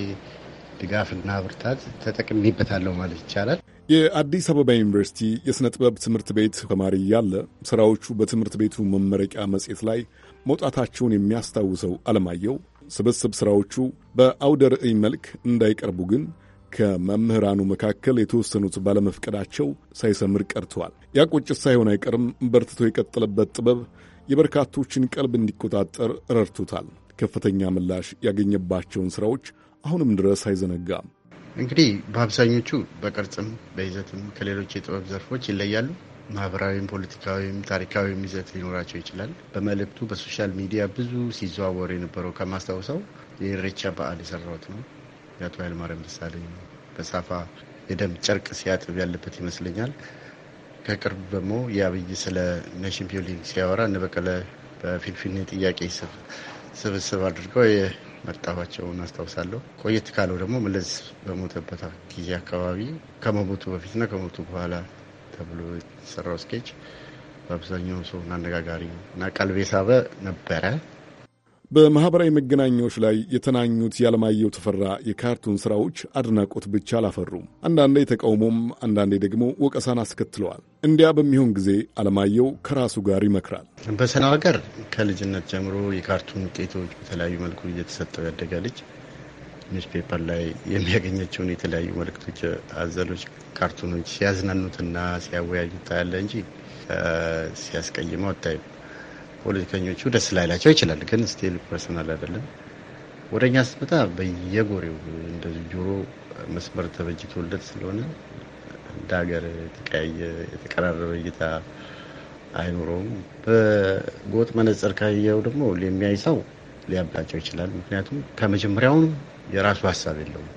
ድጋፍና ብርታት ተጠቅሚበታለሁ ማለት ይቻላል። የአዲስ አበባ ዩኒቨርሲቲ የሥነ ጥበብ ትምህርት ቤት ተማሪ ያለ ሥራዎቹ በትምህርት ቤቱ መመረቂያ መጽሔት ላይ መውጣታቸውን የሚያስታውሰው አለማየሁ ስብስብ ሥራዎቹ በአውደ ርዕይ መልክ እንዳይቀርቡ ግን ከመምህራኑ መካከል የተወሰኑት ባለመፍቀዳቸው ሳይሰምር ቀርተዋል። ያ ቁጭት ሳይሆን አይቀርም። በርትቶ የቀጠለበት ጥበብ የበርካቶችን ቀልብ እንዲቆጣጠር ረድቶታል። ከፍተኛ ምላሽ ያገኘባቸውን ስራዎች አሁንም ድረስ አይዘነጋም። እንግዲህ በአብዛኞቹ በቅርጽም በይዘትም ከሌሎች የጥበብ ዘርፎች ይለያሉ። ማህበራዊም፣ ፖለቲካዊም፣ ታሪካዊም ይዘት ሊኖራቸው ይችላል። በመልእክቱ በሶሻል ሚዲያ ብዙ ሲዘዋወር የነበረው ከማስታውሰው የኢሬቻ በዓል የሰራሁት ነው። የአቶ ኃይለማርያም ደሳለኝ በሳፋ የደም ጨርቅ ሲያጥብ ያለበት ይመስለኛል። ከቅርብ ደግሞ የአብይ ስለ ኔሽን ቢልዲንግ ሲያወራ እንበቀለ በፊንፊኔ ጥያቄ ስብስብ አድርገው የመጣኋቸውን አስታውሳለሁ። ቆየት ካለው ደግሞ መለስ በሞተበት ጊዜ አካባቢ ከመሞቱ በፊትና ከሞቱ በኋላ ተብሎ የተሰራው ስኬች በአብዛኛው ሰውን አነጋጋሪ እና ቀልቤ ሳበ ነበረ። በማኅበራዊ መገናኛዎች ላይ የተናኙት ያለማየሁ ተፈራ የካርቱን ሥራዎች አድናቆት ብቻ አላፈሩም። አንዳንዴ ተቃውሞም፣ አንዳንዴ ደግሞ ወቀሳን አስከትለዋል። እንዲያ በሚሆን ጊዜ አለማየሁ ከራሱ ጋር ይመክራል። ሀገር ከልጅነት ጀምሮ የካርቱን ውጤቶች በተለያዩ መልኩ እየተሰጠው ያደገ ልጅ ፔፐር ላይ የሚያገኘቸውን የተለያዩ መልእክቶች፣ አዘሎች፣ ካርቱኖች ሲያዝናኑትና ሲያወያዩ ታያለ እንጂ ሲያስቀይመው አታይም። ፖለቲከኞቹ ደስ ላይላቸው ይችላል፣ ግን ስቲል ፐርሰናል አይደለም። ወደ እኛ ስትመጣ በየጎሬው እንደዚህ ጆሮ መስመር ተበጅቶለት ስለሆነ እንደ ሀገር የተቀያየ የተቀራረበ እይታ አይኖረውም። በጎጥ መነጽር ካየው ደግሞ የሚያይ ሰው ሊያብላቸው ይችላል። ምክንያቱም ከመጀመሪያውኑ የራሱ ሀሳብ የለውም።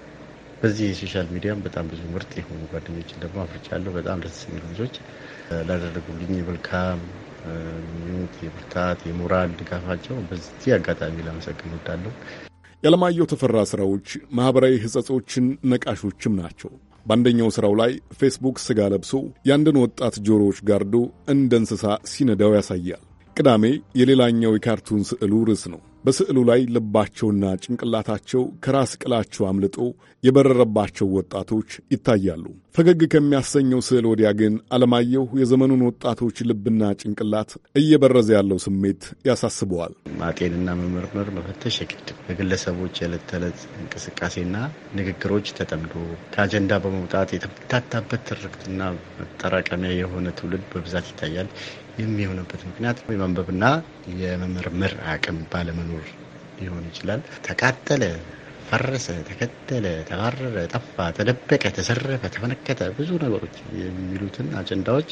በዚህ የሶሻል ሚዲያም በጣም ብዙ ምርጥ የሆኑ ጓደኞችን ደግሞ አፍርቻለሁ። በጣም ደስ የሚል ልጆች ላደረጉልኝ መልካም የብርታት የሞራል ድጋፋቸው በዚህ አጋጣሚ ላመሰግን እወዳለሁ። የዓለማየሁ ተፈራ ስራዎች ማኅበራዊ ሕጸጾችን ነቃሾችም ናቸው። በአንደኛው ሥራው ላይ ፌስቡክ ስጋ ለብሶ የአንድን ወጣት ጆሮዎች ጋርዶ እንደ እንስሳ ሲነዳው ያሳያል። ቅዳሜ የሌላኛው የካርቱን ስዕሉ ርዕስ ነው። በስዕሉ ላይ ልባቸውና ጭንቅላታቸው ከራስ ቅላቸው አምልጦ የበረረባቸው ወጣቶች ይታያሉ። ፈገግ ከሚያሰኘው ስዕል ወዲያ ግን አለማየሁ የዘመኑን ወጣቶች ልብና ጭንቅላት እየበረዘ ያለው ስሜት ያሳስበዋል። ማጤንና መመርመር መፈተሽ የግድ በግለሰቦች የዕለት ተዕለት እንቅስቃሴና ንግግሮች ተጠምዶ ከአጀንዳ በመውጣት የተምታታበት ትርክትና መጠራቀሚያ የሆነ ትውልድ በብዛት ይታያል። የሚሆነበት ምክንያት የማንበብና የመመርመር አቅም ባለመኖር ሊሆን ይችላል። ተቃጠለ፣ ፈረሰ፣ ተከተለ፣ ተባረረ፣ ጠፋ፣ ተደበቀ፣ ተሰረፈ ተፈነከተ ብዙ ነገሮች የሚሉትን አጀንዳዎች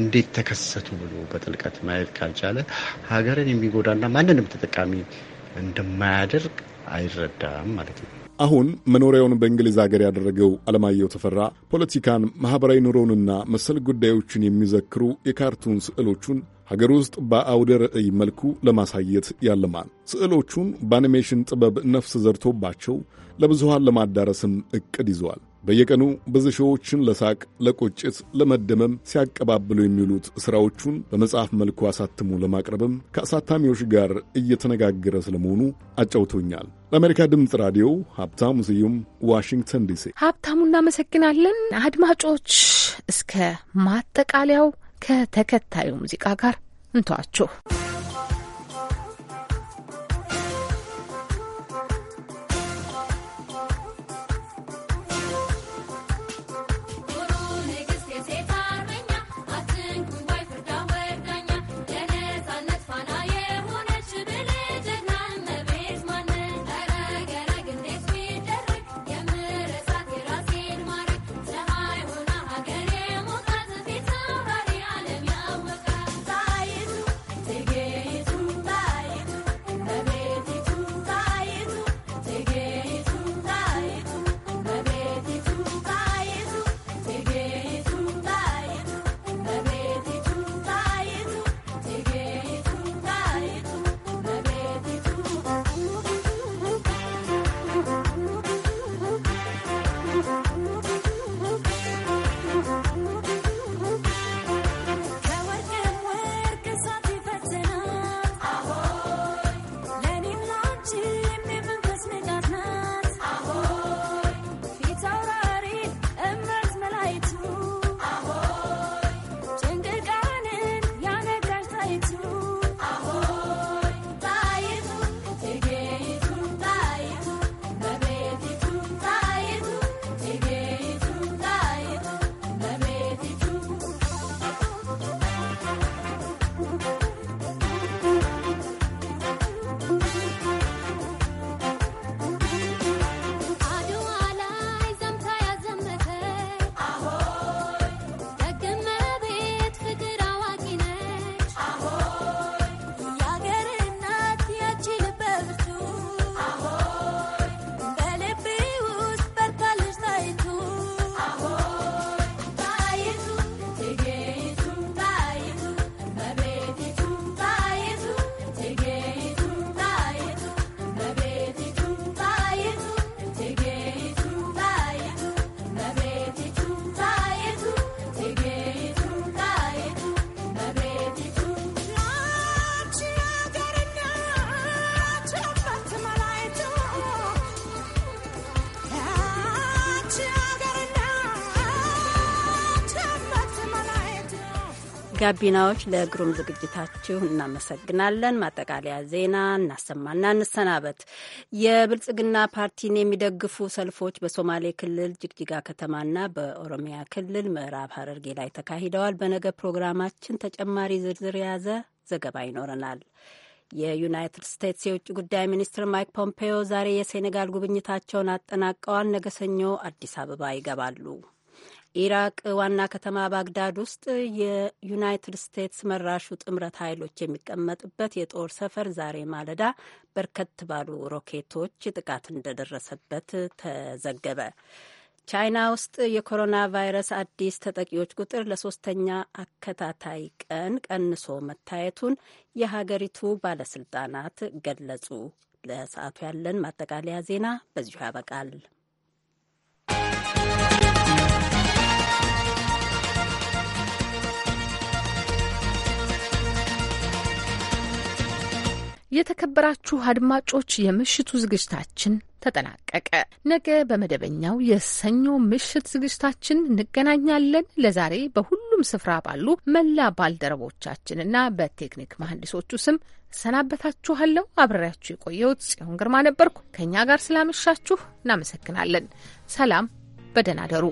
እንዴት ተከሰቱ ብሎ በጥልቀት ማየት ካልቻለ ሀገርን የሚጎዳና ማንንም ተጠቃሚ እንደማያደርግ አይረዳም ማለት ነው። አሁን መኖሪያውን በእንግሊዝ ሀገር ያደረገው አለማየሁ ተፈራ ፖለቲካን፣ ማኅበራዊ ኑሮንና መሰል ጉዳዮችን የሚዘክሩ የካርቱን ስዕሎቹን ሀገር ውስጥ በአውደ ርዕይ መልኩ ለማሳየት ያለማል። ስዕሎቹን በአኒሜሽን ጥበብ ነፍስ ዘርቶባቸው ለብዙሃን ለማዳረስም እቅድ ይዘዋል። በየቀኑ ብዙ ሺዎችን ለሳቅ፣ ለቁጭት፣ ለመደመም ሲያቀባብሉ የሚውሉት ሥራዎቹን በመጽሐፍ መልኩ አሳትሞ ለማቅረብም ከአሳታሚዎች ጋር እየተነጋገረ ስለመሆኑ አጫውቶኛል። ለአሜሪካ ድምፅ ራዲዮ ሀብታሙ ስዩም ዋሽንግተን ዲሲ። ሀብታሙ እናመሰግናለን። አድማጮች እስከ ማጠቃለያው ከተከታዩ ሙዚቃ ጋር እንተዋችሁ። ጋቢናዎች ለግሩም ዝግጅታችሁ እናመሰግናለን። ማጠቃለያ ዜና እናሰማና እንሰናበት። የብልጽግና ፓርቲን የሚደግፉ ሰልፎች በሶማሌ ክልል ጅግጅጋ ከተማና በኦሮሚያ ክልል ምዕራብ ሀረርጌ ላይ ተካሂደዋል። በነገ ፕሮግራማችን ተጨማሪ ዝርዝር የያዘ ዘገባ ይኖረናል። የዩናይትድ ስቴትስ የውጭ ጉዳይ ሚኒስትር ማይክ ፖምፔዮ ዛሬ የሴኔጋል ጉብኝታቸውን አጠናቀዋል። ነገ ሰኞ አዲስ አበባ ይገባሉ። ኢራቅ ዋና ከተማ ባግዳድ ውስጥ የዩናይትድ ስቴትስ መራሹ ጥምረት ኃይሎች የሚቀመጥበት የጦር ሰፈር ዛሬ ማለዳ በርከት ባሉ ሮኬቶች ጥቃት እንደደረሰበት ተዘገበ። ቻይና ውስጥ የኮሮና ቫይረስ አዲስ ተጠቂዎች ቁጥር ለሶስተኛ አከታታይ ቀን ቀንሶ መታየቱን የሀገሪቱ ባለስልጣናት ገለጹ። ለሰዓቱ ያለን ማጠቃለያ ዜና በዚሁ ያበቃል። የተከበራችሁ አድማጮች የምሽቱ ዝግጅታችን ተጠናቀቀ። ነገ በመደበኛው የሰኞ ምሽት ዝግጅታችን እንገናኛለን። ለዛሬ በሁሉም ስፍራ ባሉ መላ ባልደረቦቻችንና በቴክኒክ መሐንዲሶቹ ስም ሰናበታችኋለሁ። አብሬያችሁ የቆየሁት ጽዮን ግርማ ነበርኩ። ከእኛ ጋር ስላመሻችሁ እናመሰግናለን። ሰላም፣ በደህና ደሩ።